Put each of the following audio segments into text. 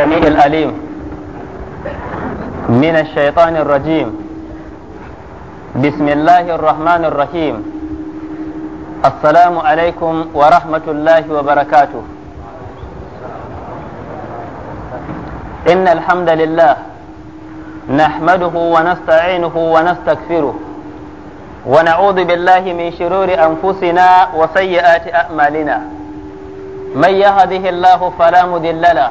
السميع الأليم من الشيطان الرجيم بسم الله الرحمن الرحيم السلام عليكم ورحمة الله وبركاته إن الحمد لله نحمده ونستعينه ونستغفره ونعوذ بالله من شرور أنفسنا وسيئات أعمالنا من يهده الله فلا مضل له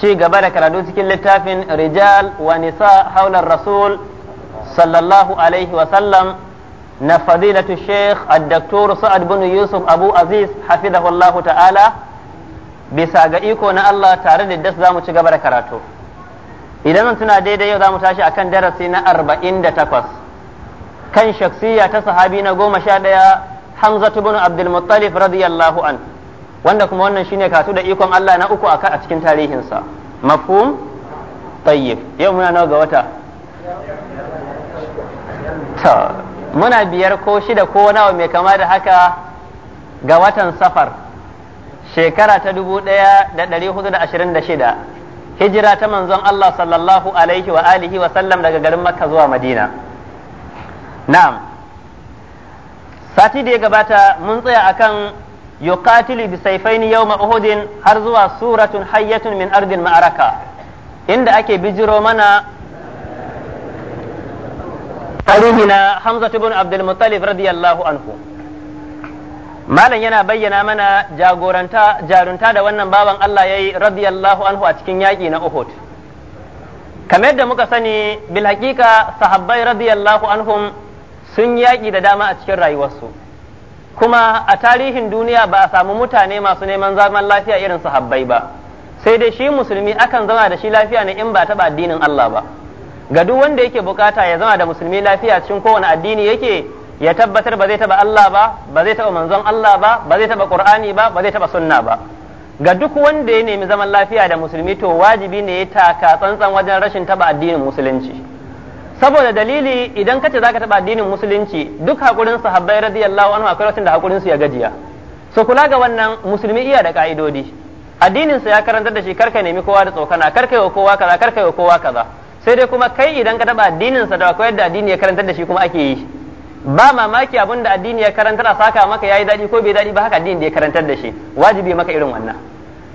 ci gaba da karatu cikin littafin rijal wa nisa haular rasul sallallahu alaihi wa sallam na fadilatu sheikh addaktur sa'ad bin yusuf abu aziz hafizahullahu ta'ala bisa ga iko na Allah tare da das zamu ci gaba da karatu idan mun tuna daidai yau zamu tashi akan darasi na arba'in da takwas kan shaksiya ta sahabi na goma sha ɗaya hamzatu bin abdulmuttalib radiyallahu anhu wanda kuma wannan shine kasu da ikon Allah na uku a cikin tarihinsa mafhum tayyib yau muna nawa ga wata ta muna biyar ko shida ko nawa mai kama da haka ga watan safar shekara ta dubu ɗaya shida hijira ta manzon Allah sallallahu alaihi wa alihi wa sallam daga garin makka zuwa madina na'am sati da ya gabata mun tsaya akan yuqatilu bi yau ma uhudin har zuwa suratun hayyatun min ardin ma'araka inda ake bijiro mana tarihina Hamza ibn Abdul Muttalib radiyallahu anhu malam yana bayyana mana jagoranta jarunta da wannan baban Allah ya yi radiyallahu anhu a cikin yaƙi na Uhud kamar da muka sani bil haƙiƙa sahabbai radiyallahu anhu sun yaƙi da dama a cikin rayuwarsu kuma a tarihin duniya ba a samu mutane masu neman zaman lafiya irin habbai ba sai dai shi musulmi akan zama da shi lafiya ne in ba taɓa addinin Allah ba ga duk wanda yake bukata ya zama da musulmi lafiya cikin kowane addini yake ya tabbatar ba zai taba Allah ba ba zai taba manzon Allah ba ba zai taba Qur'ani ba ba zai taba sunna ba ga duk wanda ya nemi zaman lafiya da musulmi to wajibi ne ya taka tsantsan wajen rashin taɓa addinin musulunci saboda dalili idan kace zaka taba addinin musulunci duk hakurin sahabbai radiyallahu anhu akwai lokacin da hakurin su ya gajiya so kula ga wannan musulmi iya da ka'idodi addinin sa ya karantar da shi karka nemi kowa da tsokana karka wa kowa kaza karka wa kowa kaza sai dai kuma kai idan ka taba addinin sa da akwai yadda addini ya karantar da shi kuma ake yi ba mamaki abin addini ya karantar a saka maka yayi dadi ko bai daɗi ba haka addini da ya karantar da shi wajibi maka irin wannan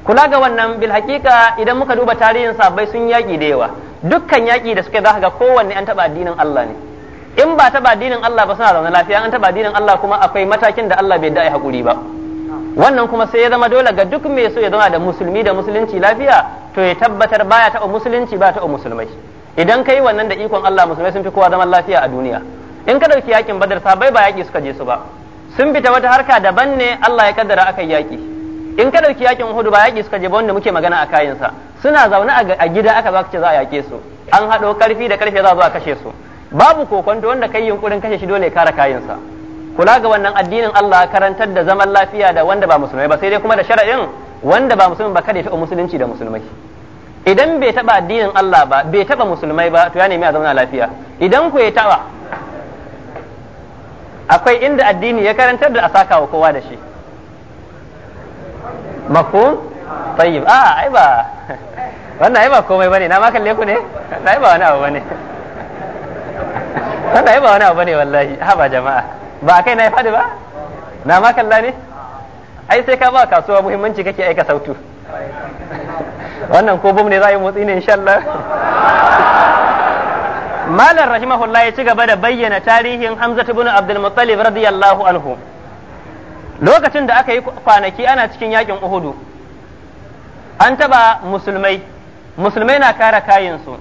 kula ga wannan bil hakika idan muka duba tarihin sahabbai sun yaki da yawa dukkan yaki da suke zaka ga kowanne an taba addinin Allah ne in ba taba addinin Allah ba suna zaune lafiya an taba addinin Allah kuma akwai matakin da Allah bai da hakuri ba wannan kuma sai ya zama dole ga duk mai so ya zauna da musulmi da musulunci lafiya to ya tabbatar baya taba musulunci ba taba musulmai idan kai wannan da ikon Allah musulmai sun fi kowa zaman lafiya a duniya in ka dauki yakin badar sabai ba yaki suka je su ba sun fita wata harka daban ne Allah ya kaddara aka yaki in ka dauki yakin Uhud ba yaki suka je ba wanda muke magana a kayan sa suna zaune a gida aka za ce za a yake su an hado karfi da karfe za zo a kashe su babu kokonto wanda kai yunkurin kashe shi dole ya kare kayan sa kula ga wannan addinin Allah karantar da zaman lafiya da wanda ba musulmai ba sai dai kuma da shara'in wanda ba musulmi ba kada ya taɓa musulunci da musulmai idan bai taɓa addinin Allah ba bai taɓa musulmai ba to ya nemi a zauna lafiya idan ku ya taɓa akwai inda addini ya karantar da a saka wa kowa da shi mafhum tayyib a ah, ai ba wannan ai ba komai bane na ma kalle ku ne ai ba wani abu bane wannan ai ba wani abu bane wallahi ha ba jama'a ba kai na fadi ba na ma kalla ne ai sai ka ba kasuwa muhimmanci kake aika sautu wannan ko bum ne za a yi motsi ne insha Allah Malam rahimahullah ya ci gaba da bayyana tarihin Hamza ibn Abdul Muttalib radiyallahu anhu lokacin da aka yi kwanaki ana cikin yakin uhudu an taba musulmai musulmai na kara kayinsu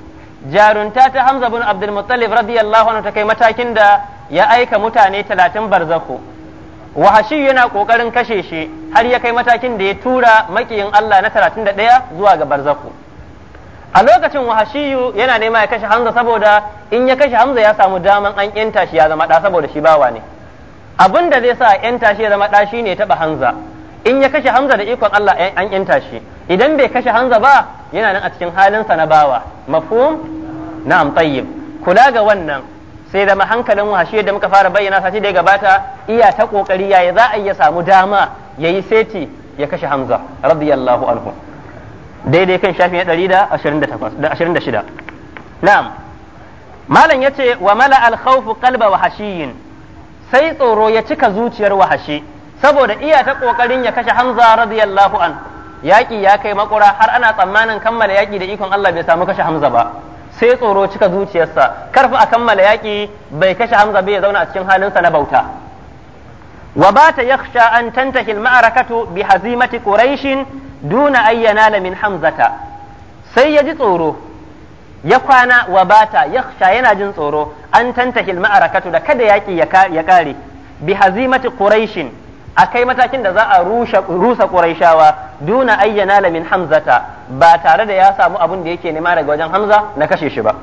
jarunta ta hamza bin abdulmuttalib radiyallahu anhu ta kai matakin da ya aika mutane talatin barzako wahashi yana kokarin kashe shi har ya kai matakin da ya tura makiyin Allah na talatin da ɗaya zuwa ga barzako a lokacin wahashiyu yana nema ya kashe hamza saboda in ya kashe hamza ya samu daman an yanta shi ya zama ɗa saboda shi bawa ne abin da zai sa yan tashi ya zama ɗa shi ne taɓa hanza. in ya kashe hamza da ikon Allah an yan tashi idan bai kashe hamza ba yana nan a cikin halin sa na bawa mafhum na'am tayyib kula ga wannan sai zama hankalin washe da muka fara bayyana sati da gabata iya ta kokari yayi za a iya samu dama yayi seti ya kashe hamza radiyallahu anhu daidai kan shafin 128 na'am malam yace wa mala al kalba qalba hashiyin. sai tsoro ya cika zuciyar wahashi saboda iya ta kokarin ya kashe Hamza radiyallahu an yaki ya kai makura har ana tsammanin kammala yaki da ikon Allah bai samu kashe Hamza ba sai tsoro cika zuciyarsa karfi a kammala yaki bai kashe Hamza bai zauna a cikin halinsa na bauta wa bata yakhsha an tantahi al-ma'arakatu bi hazimati quraish duna ayyana min hamzata sai ya ji tsoro ya kwana wa bata sha yana jin tsoro an tantahil ma'arakatu da kada yaki ya kare bi hazimati quraishin akai matakin da za a rusa quraishawa duna ayyana la min hamzata ba tare da ya samu abun da yake nema daga wajen hamza na kashe shi ba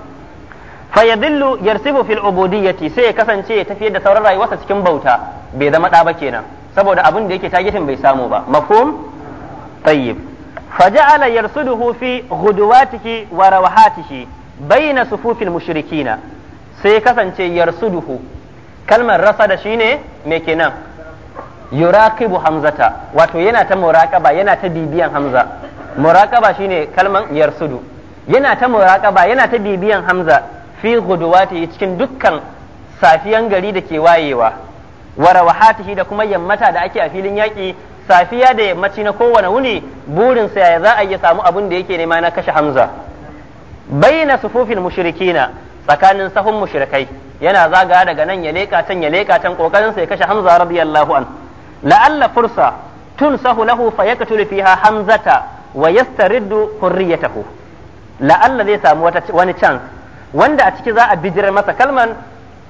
fa yadillu yarsibu fil ubudiyyati sai ya kasance ya tafiyar da sauran rayuwarsa cikin bauta bai zama da ba kenan saboda abun da yake tagitin bai samu ba mafhum tayyib faja'ala yarsuduhu fi ghuduwatihi wa rawahatihi bayna sufufil mushrikina sai kasance yarsuduhu kalmar rasa da shine me kenan yuraqibu hamzata wato yana ta muraqaba yana ta bibiyan hamza muraqaba shine kalman yarsudu yana ta muraqaba yana ta bibiyan hamza fi ghuduwatihi cikin dukkan safiyan gari da ke wayewa wa rawahatihi da kuma yammata da ake a filin yaƙi safiya da yammaci na kowane wuni burin sa ya za a iya samu abin da yake nema na kashe hamza bayyana sufufin mushrikina tsakanin sahun mushrikai yana zaga daga nan ya leka can ya leka can kokarin sa ya kashe hamza radiyallahu an la'alla fursa tun sahu lahu fa yaqtulu fiha hamzata wa yastariddu hurriyatahu la'alla zai samu wata wani can wanda a ciki za a bijirar masa kalman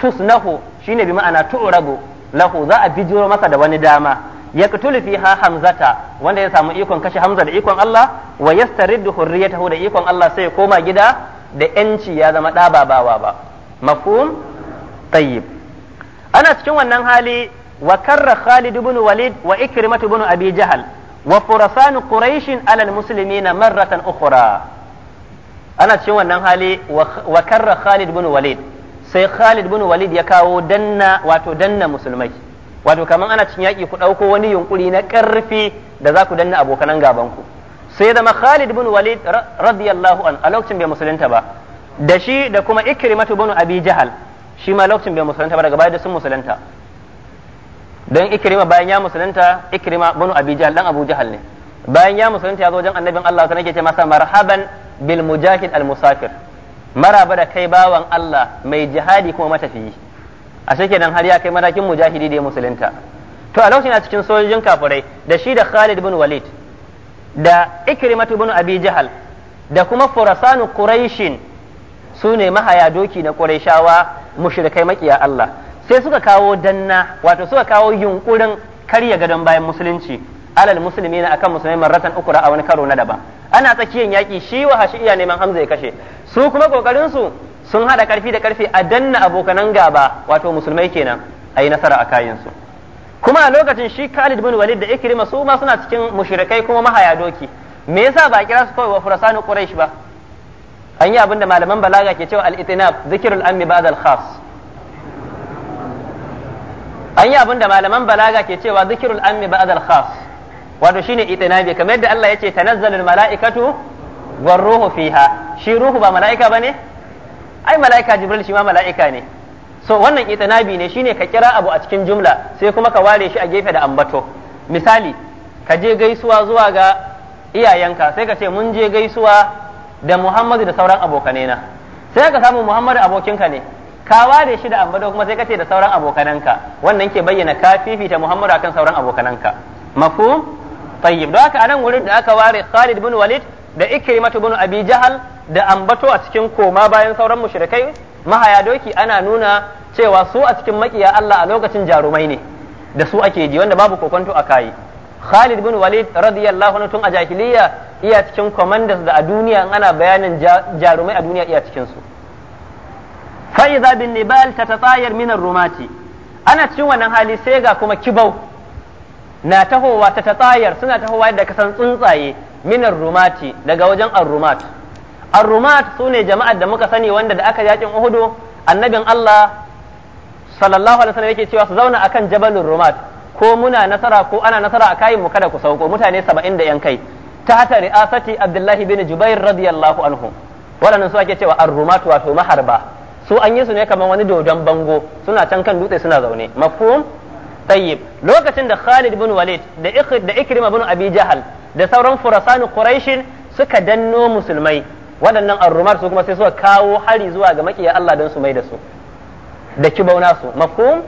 tusnahu shine bi ma'ana tu'rabu lahu za a bijiro masa da wani dama yaqtulu ha hamzata wanda ya samu ikon kashe hamza da ikon Allah wa yastariddu hurriyatahu da ikon Allah sai ya koma gida da yanci ya zama da ba bawa ba mafhum tayyib ana cikin wannan hali wa karra Khalid ibn Walid wa Ikrimah ibn Abi Jahal wa furasan Quraysh ala al na marratan ukhra ana cikin wannan hali wa karra Khalid ibn Walid sai Khalid ibn Walid ya kawo danna wato danna musulmai wato kamar ana cikin yaƙi ku ɗauko wani yunƙuri na ƙarfi da za ku danna abokanan gabanku sai zama Khalid bin Walid radiyallahu an a lokacin bai musulunta ba da shi da kuma Ikrimatu bin Abi Jahal shi ma lokacin bai musulunta ba daga baya da sun musulunta don Ikrima bayan ya musulunta Ikrima bin Abi Jahal dan Abu Jahal ne bayan ya musulunta ya zo wajen annabin Allah sai yake ce masa marhaban bil mujahid al musafir maraba da kai bawan Allah mai jihadi kuma matafiyi ashe kenan har ya kai matakin mujahidi da musulunta to a lokacin a cikin sojojin kafirai da shi da Khalid bin Walid da Ikrimatu bin Abi Jahal da kuma Furasanu Quraishin su ne mahaya doki na Qurayshawa mushrikai makiya Allah sai suka kawo danna wato suka kawo yunkurin karya gadon bayan musulunci alal musulmi na akan musulmai marratan ukura a wani karo na daban ana tsakiyar yaƙi shi wa iya neman Hamza ya kashe su kuma kokarin su sun hada karfi da karfi a danna abokanan gaba wato musulmai kenan a yi nasara a kayansu kuma a lokacin shi Khalid bin Walid da Ikrima su ma suna cikin mushrikai kuma mahaya doki me yasa ba kira su kawai wa furasanu quraish ba an yi abinda malaman balaga ke cewa al-itinab zikrul ammi ba'd al-khas an yi abinda malaman balaga ke cewa zikrul ammi ba'd al-khas wato shine itinabi kamar yadda Allah yace tanazzalul mala'ikatu war ruhu fiha shi ruhu ba mala'ika bane ai mala'ika jibril shi ma mala'ika ne so wannan itinabi ne shine ka kira abu a cikin jumla sai kuma ka ware shi a gefe da ambato misali ka je gaisuwa zuwa ga iyayenka sai ka ce mun je gaisuwa da muhammadu da sauran na sai ka samu muhammadu abokinka ne ka ware shi da ambato kuma sai ka ce da sauran abokananka wannan ke bayyana ka fifita muhammadu akan sauran abokananka mafhum tayyib don haka anan wurin da aka ware khalid bin walid da ikrimatu ibn abi jahal da ambato a cikin koma bayan sauran mushrikai mahaya doki ana nuna cewa su a cikin makiya Allah a lokacin jarumai ne da su ake ji wanda babu kokonto a kai Khalid bin Walid radiyallahu anhu tun a jahiliya iya cikin commanders da a duniya ana bayanin jarumai a duniya iya cikin su fa iza bin nibal tatatayar min rumati ana cikin wannan hali sai ga kuma kibau na tahowa ta tatsayar suna tahowa da kasan tsuntsaye minar rumati daga wajen arrumat arrumat su ne jama'ar da muka sani wanda da aka yakin uhudu annabin Allah sallallahu alaihi wasallam yake cewa su zauna akan jabalin rumat ko muna nasara ko ana nasara a kayin mu kada ku sauko mutane 70 da yan kai ta hata ri'asati Abdullahi bin Jubair radiyallahu anhu waɗannan su ake cewa arrumat wato maharba su an yi su ne kamar wani dodon bango suna can kan dutse suna zaune mafhum tayyib lokacin da Khalid bin Walid da da Ikrima bin Abi Jahal da sauran furasan Quraish suka danno musulmai waɗannan arrumar su kuma sai suka kawo hari zuwa ga makiya Allah don su mai da su da kibauna su mafhum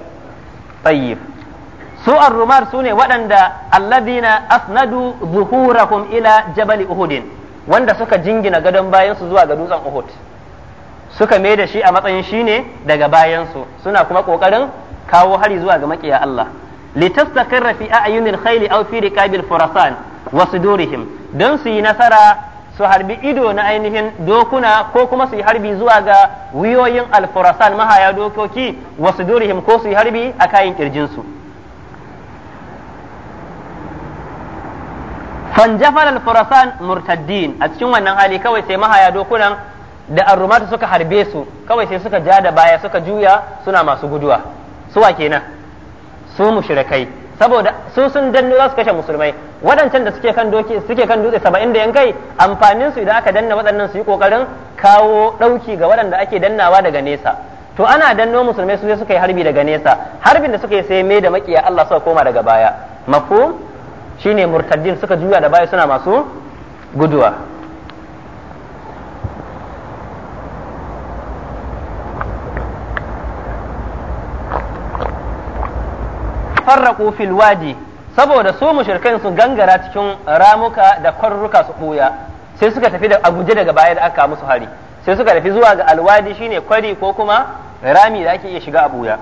tayyib su arrumar su ne waɗanda alladina asnadu zuhurakum ila jabal uhudin wanda suka jingina gadon bayan su zuwa ga dutsen Uhud suka mai da shi a matsayin shine daga bayan su suna kuma kokarin kawo hari zuwa ga makiya Allah litastaqirra fi a'yunil khayli aw fi riqabil furasan wa sudurihim don su yi nasara su harbi ido na ainihin dokuna ko kuma su yi harbi zuwa ga wiyoyin alfurasan mahaya dokoki wa sudurihim ko su yi harbi a kayan su fanjafar alfurasan murtaddin a cikin wannan hali kawai sai mahaya dokunan da arrumatu suka harbe su kawai sai suka ja da baya suka juya suna masu guduwa suwa kenan su mushrikai saboda su sun danno za su kashe musulmai waɗancan da suke kan doki suke kan dutse 70 da yankai amfanin su idan aka danna waɗannan su yi kokarin kawo ɗauki ga waɗanda ake dannawa daga nesa to ana danno musulmai su sai suka yi harbi daga nesa harbin da suka yi sai mai da makiya Allah suka koma daga baya mafhum shine murtaddin suka juya da baya suna masu guduwa tafarraqu fil wadi saboda su mushrikan su gangara cikin ramuka da kwarruka su buya sai suka tafi da aguje daga baya da aka musu hari sai suka tafi zuwa ga alwadi shine kwari ko kuma rami da ake iya shiga a buya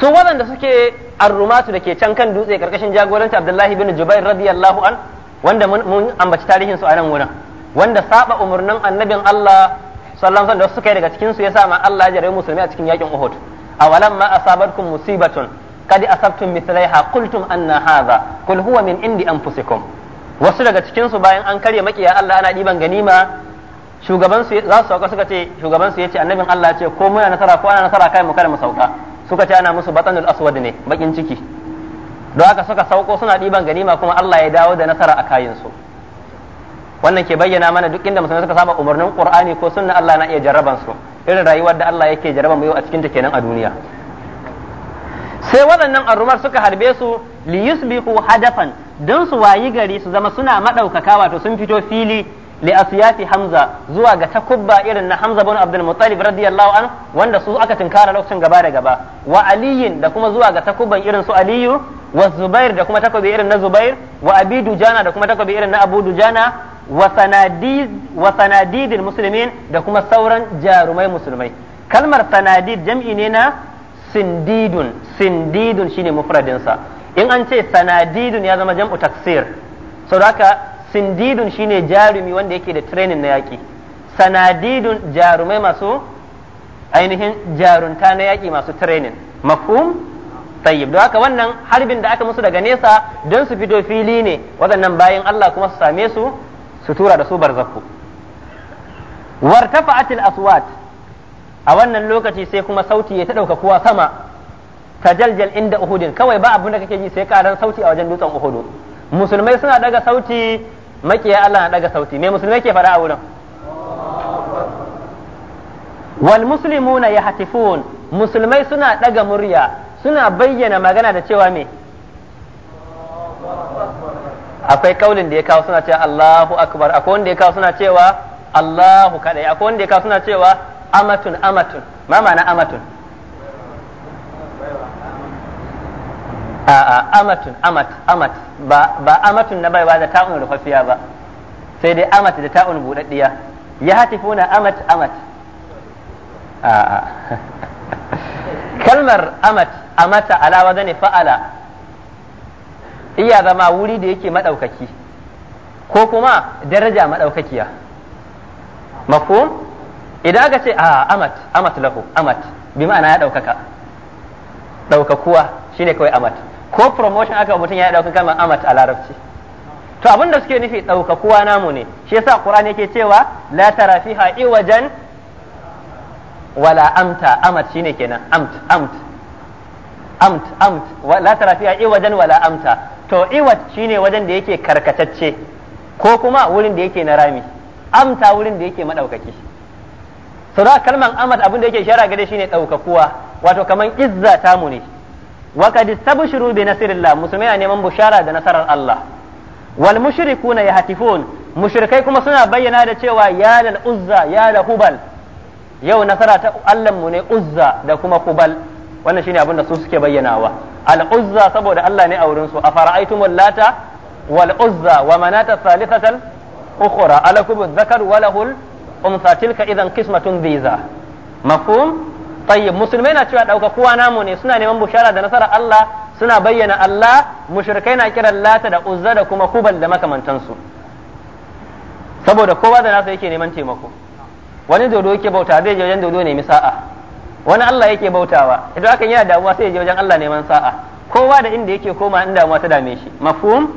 su waɗanda suke arrumatu da ke can kan dutse karkashin jagoranci Abdullahi bin Jubair radiyallahu an wanda mun ambaci tarihin su a nan wurin wanda saba umurnin annabin Allah sallallahu alaihi wasallam da suka yi daga cikin su yasa ma Allah ya jare musulmi a cikin yakin Uhud awalan ma asabatkum musibatun a asabtum mithlaiha qultum anna hadha qul huwa min indi anfusikum wasu daga cikin su bayan an karya makiya Allah ana diban ganima shugaban za su sauka suka ce shugaban su yace annabin Allah ce ko muna nasara ko ana nasara kai mu kada mu sauka suka ce ana musu batanul aswad ne bakin ciki don haka suka sauko suna diban ganima kuma Allah ya dawo da nasara a kayan su wannan ke bayyana mana duk inda musulmai suka saba umarnin Qur'ani ko sunna Allah na iya jarraban su irin rayuwar da Allah yake jarraban mu a cikin ta kenan a duniya sai waɗannan arumar suka harbe su li yusbihu hadafan don su wayi gari su zama suna maɗaukaka wato sun fito fili li asiyafi hamza zuwa ga takubba irin na hamza bin abdul muttalib radiyallahu an wanda su aka tinkara lokacin gaba da gaba wa aliyin da kuma zuwa ga takubban irin su aliyu wa zubair da kuma takobi irin na zubair wa abi dujana da kuma takobi irin na abu dujana wa sanadid wa sanadidil muslimin da kuma sauran jarumai musulmai kalmar sanadid jam'i ne na sindidun sindidun shine mufradinsa in an ce sanadidun ya zama jam'u taksir saboda sindidun shine jarumi wanda yake da training na yaƙi sanadidun jarumai masu ainihin jarunta na yaƙi masu training mafhum tayyib don haka wannan harbin da aka musu daga nesa don su fito fili ne waɗannan bayan Allah kuma su same su su tura da su barzaku wartafa'atil aswat a wannan lokaci sai kuma sauti ya ta dauka kuwa sama ta jaljal inda uhudin kawai ba abin da kake ji sai karan sauti a wajen dutsen uhudu musulmai suna daga sauti makiya Allah na daga sauti me musulmai ke fara a wurin wal muslimuna hatifun musulmai suna daga murya suna bayyana magana da cewa me akwai kaulin da ya kawo suna cewa Allahu akbar akwai wanda ya kawo suna cewa Allahu kadai akwai wanda ya kawo suna cewa amatun amatun ma ma'ana amatun a'a amatun amat amat ba amatun na baiwa da ta'un rufaffiya ba sai dai amat da ta'un budaddiya ya hatifuna amat amat a'a kalmar amat amata alawa zane fa'ala iya zama wuri da yake maɗaukaki ko kuma daraja maɗaukakiya mafhum idan aka ce a ah, amat amat lahu amat bi ma'ana ya ɗaukaka ɗaukakuwa shine kawai amat ko promotion aka mutum ya ɗaukaka ma amat a larabci to abin da suke nufi ɗaukakuwa namu ne shi yasa qur'ani yake cewa la tara fiha iwajan wala amta amat shine kenan amt amt amt amt la tara fiha iwajan wala amta to iwat shine wajen da yake karkatacce ko kuma wurin da yake na rami amta wurin da yake madaukaki to da kalman amad abin da yake shara gare shine daukakuwa wato kaman izza tamu ne wa kad istabshiru bi nasrillah musulmai na neman bushara da nasarar Allah wal mushrikuna yahtifun mushrikai kuma suna bayyana da cewa ya lal uzza ya la hubal yau nasara ta Allah mu ne uzza da kuma hubal wannan shine abin da su suke bayyanawa al uzza saboda Allah ne a wurin su afara'aytumul lata wal uzza wa manata thalithatal ukhra alakum adh-dhakar wa lahul umsa tilka idan kismatun visa. mafhum tayyib musulmai na cewa dauka kowa namu ne suna neman bushara da nasara Allah suna bayyana Allah mushrikai na kiran lata da uzza da kuma kubal da makamantansu saboda kowa da nasa yake neman taimako wani dodo yake bauta zai je wajen dodo nemi sa'a wani Allah yake bautawa idan hakan yana damuwa sai ya je wajen Allah neman sa'a kowa da inda yake koma inda damuwa ta dame shi mafhum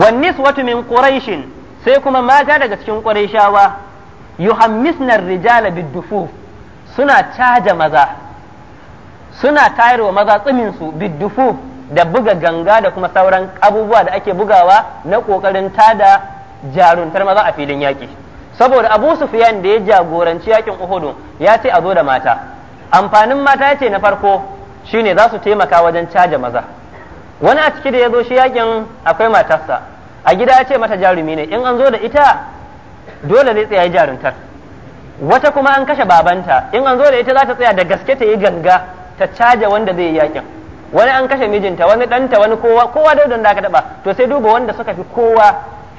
wan niswatu min quraishin sai kuma mata daga cikin quraishawa yuhammisna rijala biddufuf suna caja maza suna tayarwa maza tsimin su biddufuf da buga ganga da kuma sauran abubuwa da ake bugawa na kokarin tada jaruntar maza a filin yaki saboda Abu Sufyan da ya jagoranci yakin Uhud ya ce a zo da mata amfanin mata ya ce na farko shine za su taimaka wajen caja maza wani a ciki da ya zo shi yakin akwai matarsa a gida ya ce mata jarumi ne in an zo da ita dole ne tsaya jaruntar wata kuma an kashe babanta in an zo da ita za ta tsaya da gaske ta yi ganga ta caja wanda zai yi yakin wani an kashe mijinta wani danta wani kowa kowa da wadanda aka taba to sai duba wanda suka fi kowa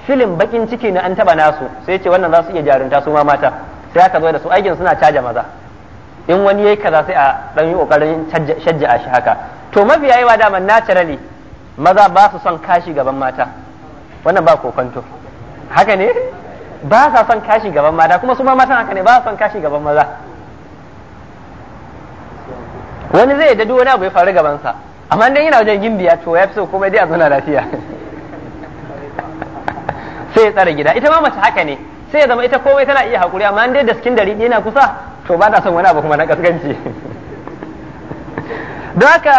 filin bakin ciki na an taba nasu sai ce wannan za su iya jarunta su ma mata sai aka zo da su aikin suna caja maza in wani yayi kaza sai a dan yi kokarin a shi haka to mafiya yawa da daman naturally maza ba su son kashi gaban mata wannan ba kokonto haka ne ba sa son kashi gaban mata kuma su ma matan haka ne ba sa son kashi gaban maza wani zai dadu wani abu ya faru gaban sa amma dan yana wajen gimbiya to ya fi so komai dai a zauna lafiya sai ya tsare gida ita ma mace haka ne sai ya zama ita komai tana iya hakuri amma dai da skin dari yana kusa to ba ta son wani abu kuma na kaskanci don haka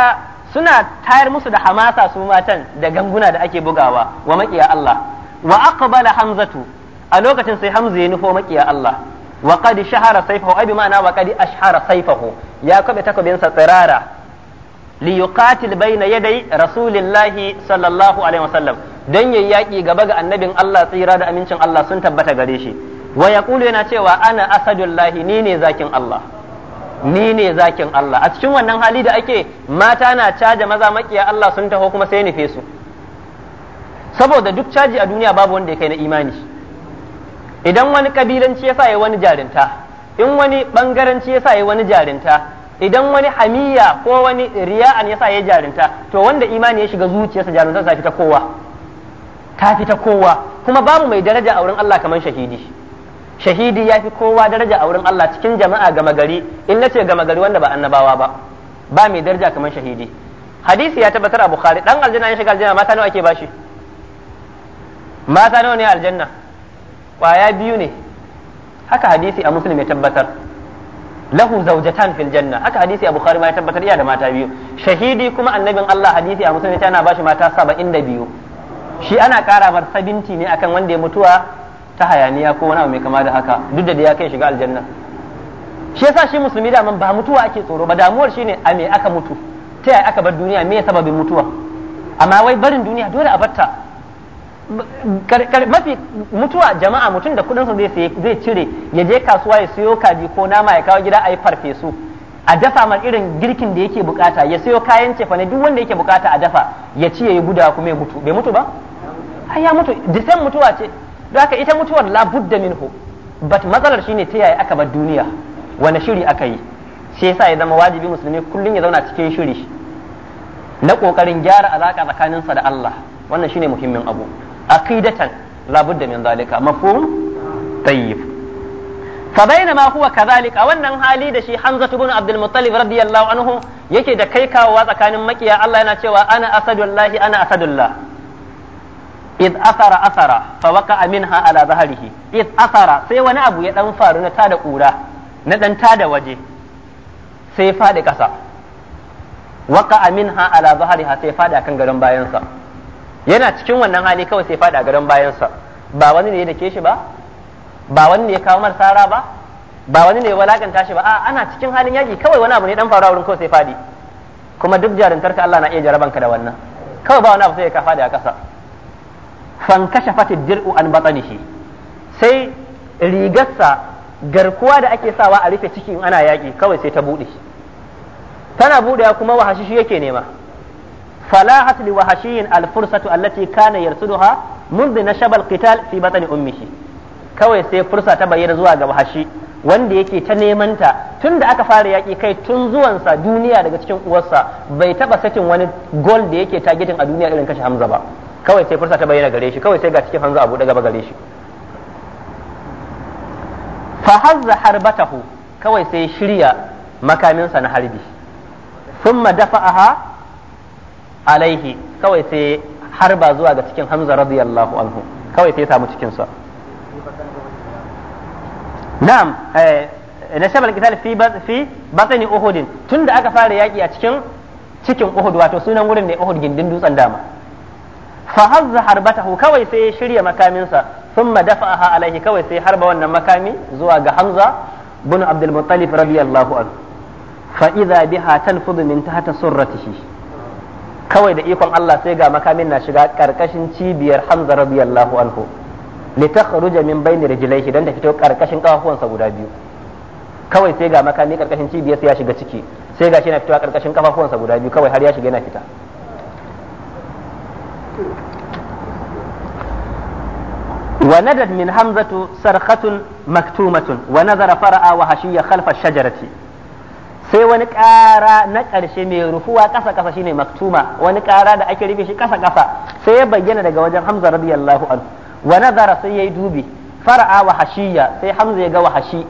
suna tayar musu da hamasa su matan da ganguna da ake bugawa wa maƙiya Allah wa aqbala hamzatu a lokacin sai hamza ya nufo makiya Allah wa qad shahara sayfahu ai ma'ana wa qad ashhara sayfahu ya kabe takobin sa tsirara li yuqatil bayna yaday rasulillahi sallallahu alaihi wasallam dan yayi yaƙi gaba ga annabin Allah tsira da amincin Allah sun tabbata gare shi wa yaqulu yana cewa ana asadullahi ni ne zakin Allah ni ne zakin Allah a cikin wannan hali da ake mata na caja maza makiya Allah sun taho kuma sai nufe su saboda duk caji a duniya babu wanda ya kai na imani idan wani kabilanci ya yasa yi wani jarinta in wani bangaranci sa yi wani jarinta idan wani hamiya ko wani riya'an ya ya yi jarinta to wanda imani ya shiga zuciyarsa jarinta ta fita kowa ta fita kowa kuma babu mai daraja a wurin Allah kamar shahidi shahidi ya fi kowa daraja a wurin Allah cikin jama'a gama gari in na ce gama gari wanda ba annabawa ba ba mai daraja kamar shahidi hadisi ya tabbatar a bukhari dan aljanna ya shiga aljanna mata nawa ake bashi mata nawa ne aljanna kwaya biyu ne haka hadisi a muslim ya tabbatar lahu zaujatan fil janna haka hadisi a bukhari ma ya tabbatar iya da mata biyu shahidi kuma annabin Allah hadisi a musulmi tana bashi mata saba'in da biyu shi ana kara bar sabinti ne akan wanda ya mutuwa ta hayaniya ko wani abu mai kama da haka duk da ya kai shiga aljanna shi yasa shi musulmi da ba mutuwa ake tsoro ba damuwar shine a me aka mutu ta yaya aka bar duniya me sababin mutuwa amma wai barin duniya dole a batta mafi mutuwa jama'a mutum da kudin zai zai cire ya je kasuwa ya siyo kaji ko nama ya kawo gida a yi farfesu a dafa man irin girkin da yake bukata ya siyo kayan cefane duk wanda yake bukata a dafa ya ci ya yi guda kuma ya mutu bai mutu ba ai ya mutu disan mutuwa ce don haka ita mutuwar la budda minhu but matsalar shine ta yaya aka bar duniya wani shiri aka yi shi yasa ya zama wajibi musulmi kullum ya zauna cikin shiri na kokarin gyara alaka tsakaninsa da Allah wannan shine muhimmin abu aqidatan la budda min zalika mafhum tayyib fa bainama huwa kadhalika wannan hali da shi Hamza ibn Abdul Muttalib radiyallahu anhu yake da kai kawowa tsakanin makiya Allah yana cewa ana asadullahi ana asadullah id asara asara fa waqa'a minha ala zahrihi id asara sai wani abu ya dan faru na tada kura na dan tada waje sai faɗi ƙasa waqa'a minha ala zahriha sai faɗi akan garin bayansa yana cikin wannan hali kawai sai fada garin bayansa ba wani ne ya dake shi ba ba wani ne ya kawo mar ba ba wani ne ya walakanta shi ba a ana cikin halin yaki kawai wani abu ne dan a wurin kawai sai fadi kuma duk jarintar ka Allah na iya jarabanka da wannan kawai ba wani abu sai ya kafa da kasa Fan kashafati dir'u an batanihi sai rigarsa garkuwa da ake sawa a rufe ciki ana yaki kawai sai ta bude tana budewa kuma wahashi shi yake nema فلاحت لوحشي الفرصة التي كان يرصدها منذ نشب القتال في بطن أمه kawai sai fursa ta bayyana zuwa ga wahashi wanda yake ta nemanta tun da aka fara yaƙi kai tun zuwansa duniya daga cikin uwarsa bai taɓa sakin wani gol da yake gidan a duniya irin kashe hamza ba kawai sai fursa ta bayyana gare shi kawai sai ga cikin hamza abu daga gaba gare shi fa hazza harbatahu kawai sai shirya makaminsa na harbi thumma dafa'aha alaihi kawai sai har ba zuwa ga cikin hamza radiyallahu anhu kawai sai samu cikin sa na'am eh, na shabal kitab fi fi batni uhud tunda aka fara yaki a cikin cikin uhud wato sunan wurin ne uhud gindin dutsen dama fa hazza harbatahu kawai sai ya shirya makaminsa thumma dafa'aha alaihi kawai sai harba wannan makami zuwa ga hamza bin abdul muttalib radiyallahu anhu fa idha biha tanfudu min tahta surratihi kawai da ikon Allah sai ga makamin na shiga karkashin cibiyar Hamza radiyallahu anhu takhruja min bayni rijlaihi dan ta fito karkashin kafafuwansa guda biyu kawai sai ga makami karkashin cibiyar sai ya shiga ciki sai ga shi na fitowa karkashin kafafuwansa guda biyu kawai har ya shiga yana fita وندت من همزة صرخة مكتومة ونظر فرأى وهشية خلف الشجرة sai wani ƙara na ƙarshe mai rufuwa ƙasa ƙasa shine maktuma wani ƙara da ake rufe shi ƙasa ƙasa sai ya bayyana daga wajen Hamza radiyallahu anhu wa nazara sai yayi dubi fara'a wa hashiya sai Hamza ya ga wa hashi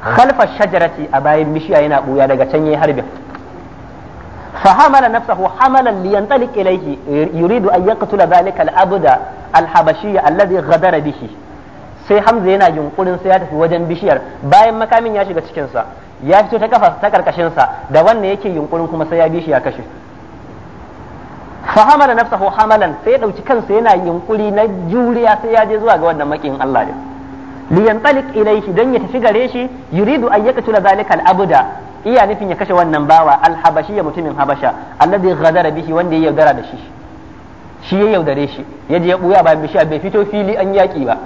khalfa shajarati a bayan bishiya yana buya daga can yayi harbin fa hamala nafsahu hamalan li yantaliq ilayhi yuridu an yaqtula zalika al-abda al-habashiyya alladhi ghadara bihi sai Hamza yana yunkurin sai ya tafi wajen bishiyar bayan makamin ya shiga cikin sa ya fito ta kafa ta karkashin sa da wanda yake yunkurin kuma sai ya bi ya kashe fa hamala nafsahu hamalan sai ya dauki kansa yana yunkuri na juriya sai ya je zuwa ga wannan makin Allah din yantaliq ilayhi dan ya tafi gare shi yuridu an yaqtula zalika al-abda iya nufin ya kashe wannan bawa al-habashi ya mutumin habasha alladhi ghadara bihi wanda ya yaudara da shi shi ya yaudare shi Yaje ya buya bayan bishiya bai fito fili an yaki ba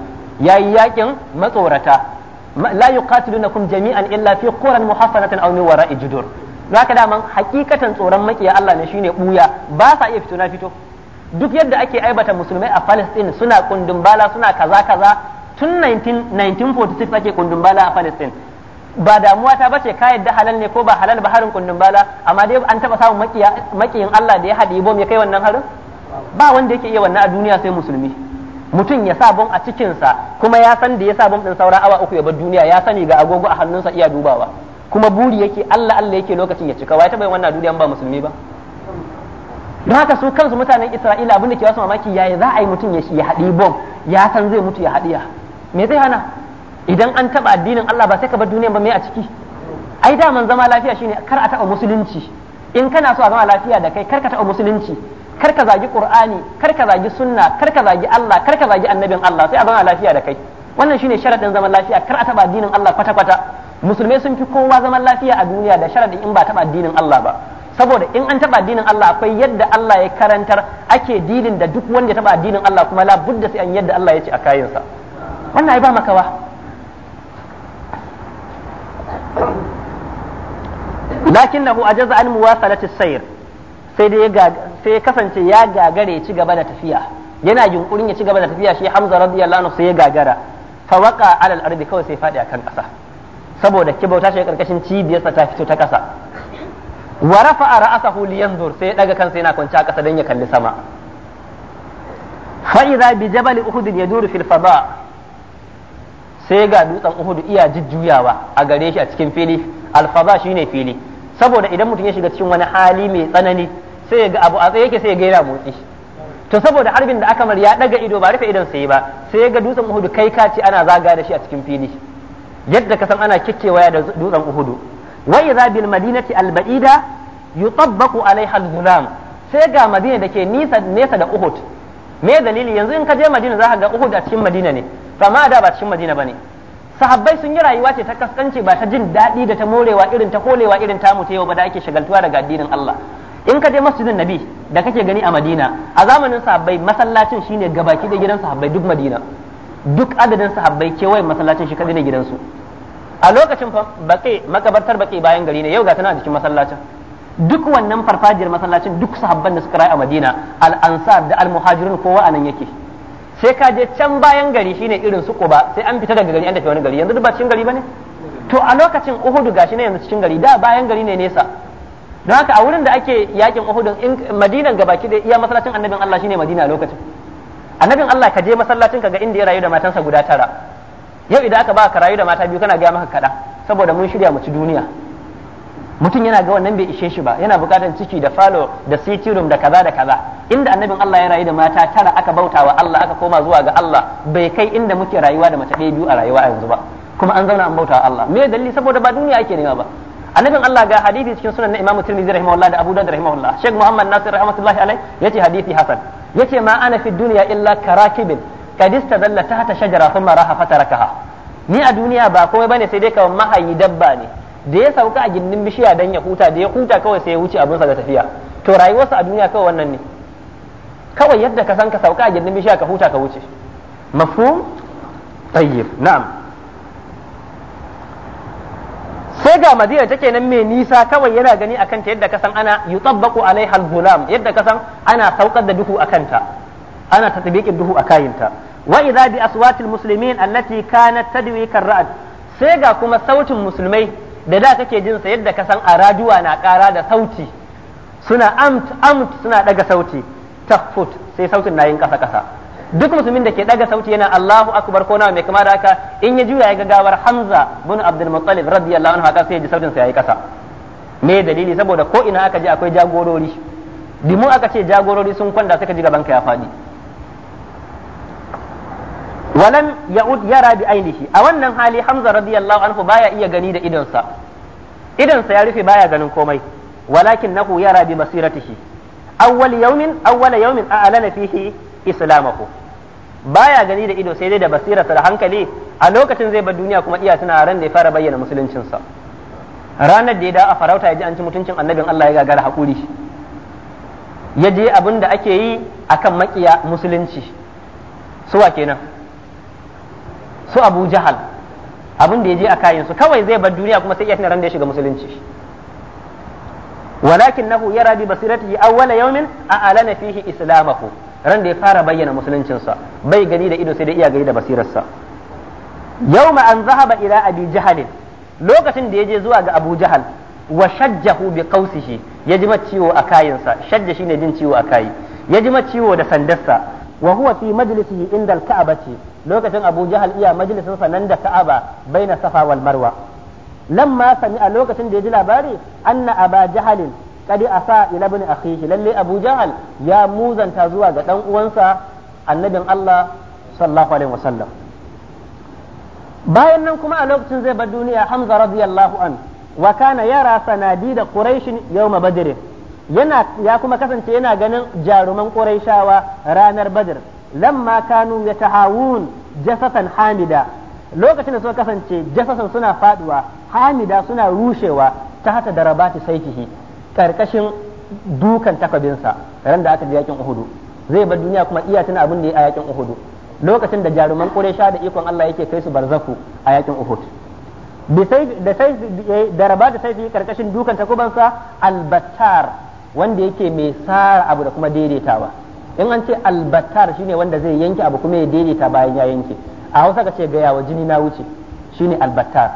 yayi yakin matsorata na yuqatilunakum jami'an illa fi quran muhassanatin aw min wara'i judur zaka daman hakikatan tsoron makiya Allah ne shine buya ba sa iya fito na fito duk yadda ake aibata musulmai a Palestine suna kundumbala suna kaza kaza tun 1946 ake kundumbala a Palestine ba damuwa ta bace ka yadda halal ne ko ba halal ba harin kundumbala amma dai an taba samun makiyin Allah da ya hadi bom ya kai wannan harin ba wanda yake iya wannan a duniya sai musulmi mutum ya sa bom a cikinsa kuma ya san da ya sa bom ɗin saura awa uku ya bar duniya ya sani ga agogo a hannunsa iya dubawa kuma buri yake Allah Allah yake lokacin ya cika wai ta bai wannan duniya ba musulmi ba don haka su kansu mutanen Isra'ila abin da ke wasu mamaki yayi za a yi mutum ya haɗi bom ya san zai mutu ya haɗiya me zai hana idan an taɓa addinin Allah ba sai ka bar duniya ba me a ciki ai daman zama lafiya shine kar a taɓa musulunci in kana so a zama lafiya da kai kar ka taɓa musulunci kar ka zagi qur'ani kar ka zagi sunna kar ka zagi Allah kar ka zagi annabin Allah sai a zauna lafiya da kai wannan shine sharadin zaman lafiya kar a taba addinin Allah kwata kwata musulmai sun fi kowa zaman lafiya a duniya da sharadin in ba taba addinin Allah ba saboda in an taba addinin Allah akwai yadda Allah ya karantar ake dilin da duk wanda ya taba addinin Allah kuma la budda sai an yadda Allah ya ce a kayansa wannan ai ba makawa lakinnahu ajaza an muwasalati sayr sai dai sai ya kasance ya gagare ya ci gaba da tafiya yana yunkurin ya ci gaba da tafiya shi Hamza radiyallahu anhu sai ya gagara fa waqa alal ardi kawai sai fadi akan kasa saboda kibauta shi karkashin cibiyarsa ta fito ta kasa wa rafa'a ra'asahu yanzur sai daga daga kansa yana kwance a kasa dan ya kalli sama fa idha bi jabal uhud yaduru fil fada sai ga dutsen Uhud iya jujjuyawa a gare shi a cikin fili shi shine fili saboda idan mutum ya shiga cikin wani hali mai tsanani sai ga abu a tsaye yake sai ya ga yana motsi to saboda harbin da aka mar ya daga ido ba rufe idon sai ba sai ga dutsen uhudu kai ka ce ana zaga da shi a cikin fili yadda ka san ana kikkewaya da dutsen uhudu wa idza bil madinati al ba'ida yutabbaqu alaiha al ghulam sai ga madina da ke nisa nesa da uhud me dalili yanzu in ka je madina zaka ga uhud a cikin madina ne ma da ba cikin madina bane sahabbai sun yi rayuwa ce ta kaskanci ba ta jin daɗi da ta morewa irin ta kolewa irin ta yau ba da ake shagaltuwa daga addinin Allah in ka je masjidin nabi da kake gani a madina a zamanin sahabbai masallacin shine gabaki da gidan sahabbai duk madina duk adadin sahabbai kewaye masallacin shi kadai ne gidansu a lokacin fa bakai makabartar bakai bayan gari ne yau ga tana a jikin masallacin duk wannan farfajiyar masallacin duk sahabban da suka rayu a madina al-ansar da al-muhajirun kowa anan yake sai ka je can bayan gari shine irin su ba sai an fita daga gari an tafi wani gari yanzu duk ba cikin gari bane to a lokacin uhudu gashi ne yanzu cikin gari da bayan gari ne nesa don haka a wurin da ake yakin uhudun in Madinan baki da iya masallacin annabin Allah shine Madina lokacin annabin Allah ka je masallacin ka ga inda ya rayu da matansa guda tara yau idan aka ba ka rayu da mata biyu kana ga maka kada saboda mun shirya mu ci duniya mutum yana ga wannan bai ishe shi ba yana bukatar ciki da falo da city room da kaza da kaza inda annabin Allah ya rayu da mata tara aka bauta wa Allah aka koma zuwa ga Allah bai kai inda muke rayuwa da mace ɗaya biyu a rayuwa yanzu ba kuma an zauna an bauta wa Allah me dalili saboda ba duniya ake nema ba annabin Allah ga hadisi cikin sunan na Imam Tirmidhi rahimahullah da Abu Dawud rahimahullah Sheikh Muhammad Nasir rahmatullahi alaihi yace hadisi hasan yace ma ana fi dunya illa karakibin kad istadalla tahta shajara thumma raha fatarakaha ni a duniya ba komai bane sai dai kawai mahayi dabba ne da ya sauka a gindin bishiya dan ya huta da ya huta kawai sai ya wuce sa da tafiya to rayuwarsa a duniya kawai wannan ne kawai yadda ka san ka sauka a gindin bishiya ka huta ka wuce mafhum tayyib na'am sai ga madina take nan mai nisa kawai yana gani akan ta yadda kasan ana yutabbaqu alaiha al gulam yadda kasan ana saukar da duhu a kanta ana tatbiqin duhu a kayinta wa idha bi aswatil muslimin allati kanat tadwi karra'at sai ga kuma sautin musulmai da da kake jin sa yadda kasan rajuwa na kara da sauti suna amt amt suna daga sauti tafut sai sautin nayin kasa kasa duk musulmin da ke daga sauti yana Allahu akbar ko nawa mai kama da haka in ya juya ya ga gawar Hamza bin Abdul Muttalib radiyallahu anhu haka sai ya ji sautin sa yayi kasa me dalili saboda ko ina aka je akwai jagorori dimu aka ce jagorori sun kwanda suka ji gaban ka ya fadi walam ya'ud yara bi ainihi a wannan hali Hamza radiyallahu anhu baya iya gani da idonsa idonsa ya rufe baya ganin komai walakin nahu yara bi basiratihi awwal yawmin awwal yawmin a'lana fihi islamahu baya gani da ido sai dai da sa da hankali a lokacin zai bar duniya kuma iya suna ran da ya fara bayyana musuluncinsa ranar da ya da a farauta ya ji an ci mutuncin annabin Allah ya gagara haƙuri ya je abin da ake yi akan makiya musulunci suwa kenan su abu jahal abin da ya je a kayansu kawai zai bar duniya kuma sai iya tana ran da ya shiga musulunci walakin yara bi ببصيرته awwala yawmin أعلن fihi islamaku. ran da ya fara bayyana musuluncinsa bai gani da ido sai dai iya gani da basirarsa ma an zahaba ila abi jahalin lokacin da ya je zuwa ga abu jahal wa shajjahu bi qausihi ya ji ciwo a kayansa shajja shine jin ciwo a kayi ya ji ciwo da sandarsa wa huwa fi majlisihi inda al lokacin abu jahal iya majlisinsa nan da ka'aba baina safa wal marwa lamma sami a lokacin da ya ji labari anna aba jahalin qad asa ila ibn akhihi lalle abu jahal ya muzanta zuwa ga dan uwansa annabin Allah sallallahu alaihi wasallam bayan nan kuma a lokacin zai bar duniya hamza radiyallahu an wa kana yara sanadi da yau yawma badr yana ya kuma kasance yana ganin jaruman quraishawa ranar badr lamma kanu yatahawun jasatan hamida lokacin da suka kasance jasasan suna faduwa hamida suna rushewa ta hata darabati saikihi karkashin dukan takwabinsa ran da aka ji yakin uhudu zai bar duniya kuma iya tuna abin da ya a yakin uhudu lokacin da jaruman quraysha da ikon Allah yake kai su barzaku a yakin uhud da sai da raba da sai karkashin dukan takwabinsa albatar wanda yake mai sara abu da kuma daidaitawa in an ce albatar shine wanda zai yanke abu kuma ya daidaita bayan ya yanke a hausa ka ce gaya wa jini na wuce shine albatar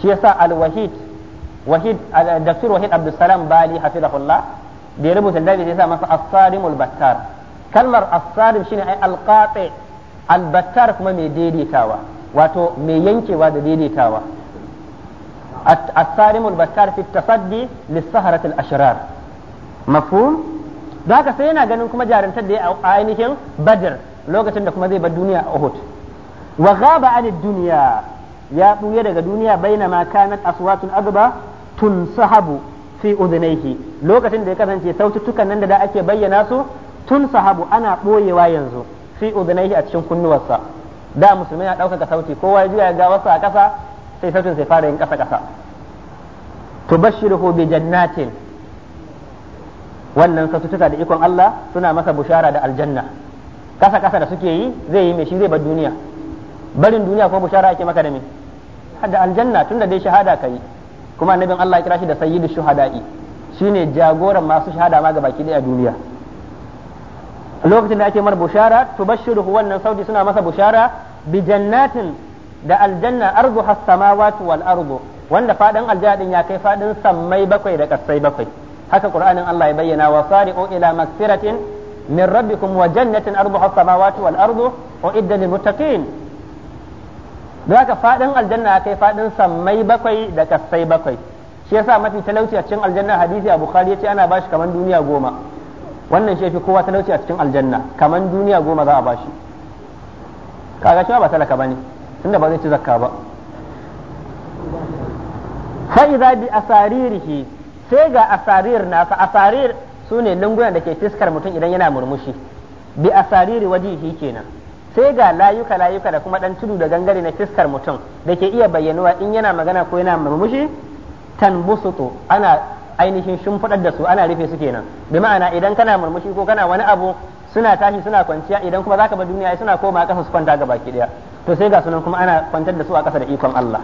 shi yasa alwahid wahid dafsir wahid Abdulsalam bali hafizahullah da ya rubuta littafi yasa masa as battar kalmar as-sarim shine ai al-qati al kuma mai daidaitawa wato mai yankewa da daidaitawa as battar fi tasaddi lis-saharati al-ashrar mafhum zaka sai yana ganin kuma jarantar da ya ainihin badr lokacin da kuma zai bar duniya a uhud wa ghaba an ad-dunya ya buye daga duniya bainama kanat aswatun adba tun sahabu fi udunaihi lokacin da ya kasance saututtukan nan da da ake bayyana su tun sahabu ana boyewa yanzu fi udunaihi a cikin kunnuwarsa da musulmai na ɗaukaka sauti kowa ya juya ga wasu a ƙasa sai sautin sai fara yin ƙasa ƙasa tubashshiruhu bi jannatin wannan saututtuka da ikon Allah suna masa bushara da aljanna ƙasa ƙasa da suke yi zai yi mai shi zai bar duniya barin duniya ko bushara ake maka da me da aljanna tunda dai shahada kai kuma annabin Allah ya kira shi da sayyidu shuhada'i shine jagoran masu shahada ma gabaki daya a duniya lokacin da ake mar bushara tubashshiruhu wannan saudi suna masa bushara bi jannatin da aljanna ardu has samawati wal ardu wanda fadin aljanna ya kai fadin sammai bakwai da kasai bakwai haka qur'anin Allah ya bayyana wa sari'u ila magfiratin min rabbikum wa jannatin ardu has samawati wal ardu uiddat lil muttaqin don haka fadin aljanna ya kai fadin sammai bakwai da kasai bakwai shi yasa mafi talauci a cikin aljanna hadisi a bukhari ce ana bashi kaman duniya goma wannan shi ya fi kowa talauci a cikin aljanna kamar duniya goma za a bashi kaga shi ba talaka bane tunda ba zai ci zakka ba sai za bi asaririhi sai ga asarir nasa asarir sune lungunan da ke fiskar mutum idan yana murmushi bi asariri wajihi kenan sai ga layuka layuka da kuma dan tudu da gangare na fiskar mutum da ke iya bayyanuwa in yana magana ko yana murmushi Tan tanbusutu ana ainihin shimfiɗar da su ana rufe su kenan bi ma'ana idan kana murmushi ko kana wani abu suna tashi suna kwanciya idan kuma zaka bar duniya suna koma ƙasa su kwanta ga baki daya to sai ga sunan kuma ana kwantar da su a kasa da ikon Allah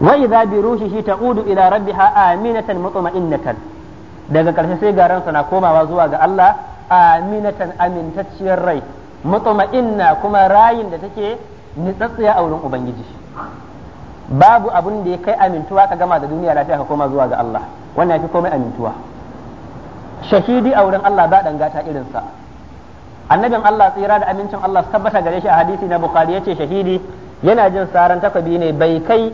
wa idza bi ruhihi ta'udu ila rabbiha aminatan mutma'innatan daga karshe sai ga ransa na komawa zuwa ga Allah aminatan amintacciyar rai mutma'inna kuma rayin da take nitsatsiya a wurin ubangiji babu abun da ya kai amintuwa ka gama da duniya lafiya ka koma zuwa ga Allah wannan yafi komai amintuwa shahidi a wurin Allah ba dan gata irin sa annabin Allah tsira da amincin Allah su tabbata gare shi a hadisi na bukhari yace shahidi yana jin saran takabi ne bai kai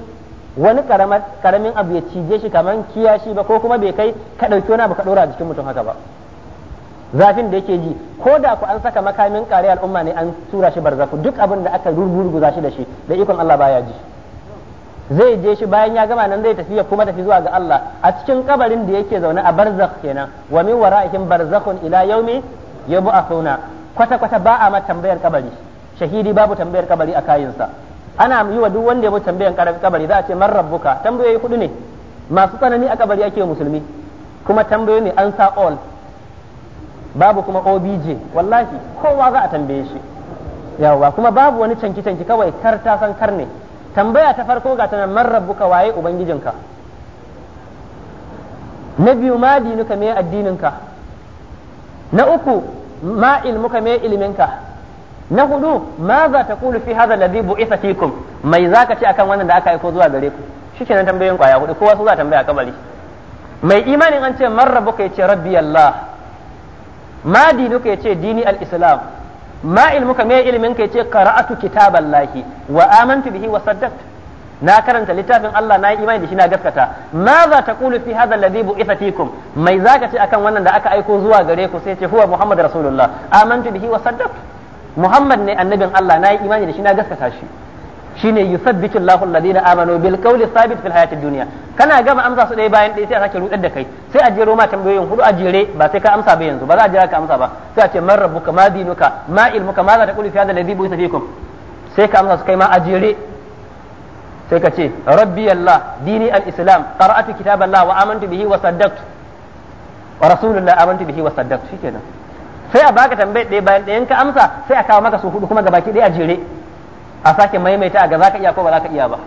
wani karamin abu ya cije shi kaman kiyashi ba ko kuma bai kai ka dauki wani abu ka dora jikin mutum haka ba zafin da yake ji ko da ku an saka makamin kare al'umma ne an tura shi barzaku duk abin da aka rurguza shi da shi da ikon Allah baya ji zai je shi bayan ya gama nan zai tafi ya kuma tafi zuwa ga Allah a cikin kabarin da yake zaune a barzakh kenan wa min wara'ihim barzakhun ila yaumi yub'athuna kwata kwata ba a ma tambayar kabari shahidi babu tambayar kabari a kayinsa ana yi wa duk wanda ya bi tambayar kabari za a ce man rabbuka tambayoyi hudu ne masu tsanani a kabari ake musulmi kuma tambayoyi ne an sa all babu kuma obj wallahi kowa za a tambaye shi yawa kuma babu wani canki canki kawai kar ta san kar ne tambaya ta farko ga tana man rabbuka waye ubangijinka na biyu ma dinuka me addininka na uku ma ilmuka me iliminka na hudu ma za ta kulu fi hadha bu bu'itha fikum mai zaka ci akan wannan da aka aiko zuwa gare ku shikenan tambayoyin kwaya hudu kowa su za tambaya kabari mai imanin an ce man rabbuka yace rabbi allah ma dinuka ce dini al-islam ma ilmuka me ilmin ka yace qara'atu kitaballahi wa amantu bihi wa saddaqtu na karanta littafin Allah na yi imani da shi na gaskata ma za ta kulu fi hadha alladhi bu'itha mai zaka ce akan wannan da aka aiko zuwa gare ku sai ce huwa muhammad rasulullah amantu bihi wa saddaqtu muhammad ne annabin Allah na yi imani da shi na gaskata shi shine yusabbitu Allahu alladhina amanu bil qawli sabit fil hayatid dunya kana gama amsa su ɗaya bayan dai sai a sake rudar da kai sai a jero ma tambayoyin hudu a jere ba sai ka amsa ba yanzu ba za a jira ka amsa ba sai a ce man rabbuka ma dinuka ma ilmuka ma za ta kulli fi hadha alladhi buisa fikum sai ka amsa su kai ma a jere sai ka ce rabbi Allah dini al-islam qara'atu kitaballah wa amantu bihi wa saddaqtu wa rasulullah amantu bihi wa saddaqtu shikenan sai a baka tambayi ɗaya bayan ɗayan ka amsa sai a kawo maka su hudu kuma gabaki ɗaya a jere a sake maimaita ga zaka iya ko ba ka iya ba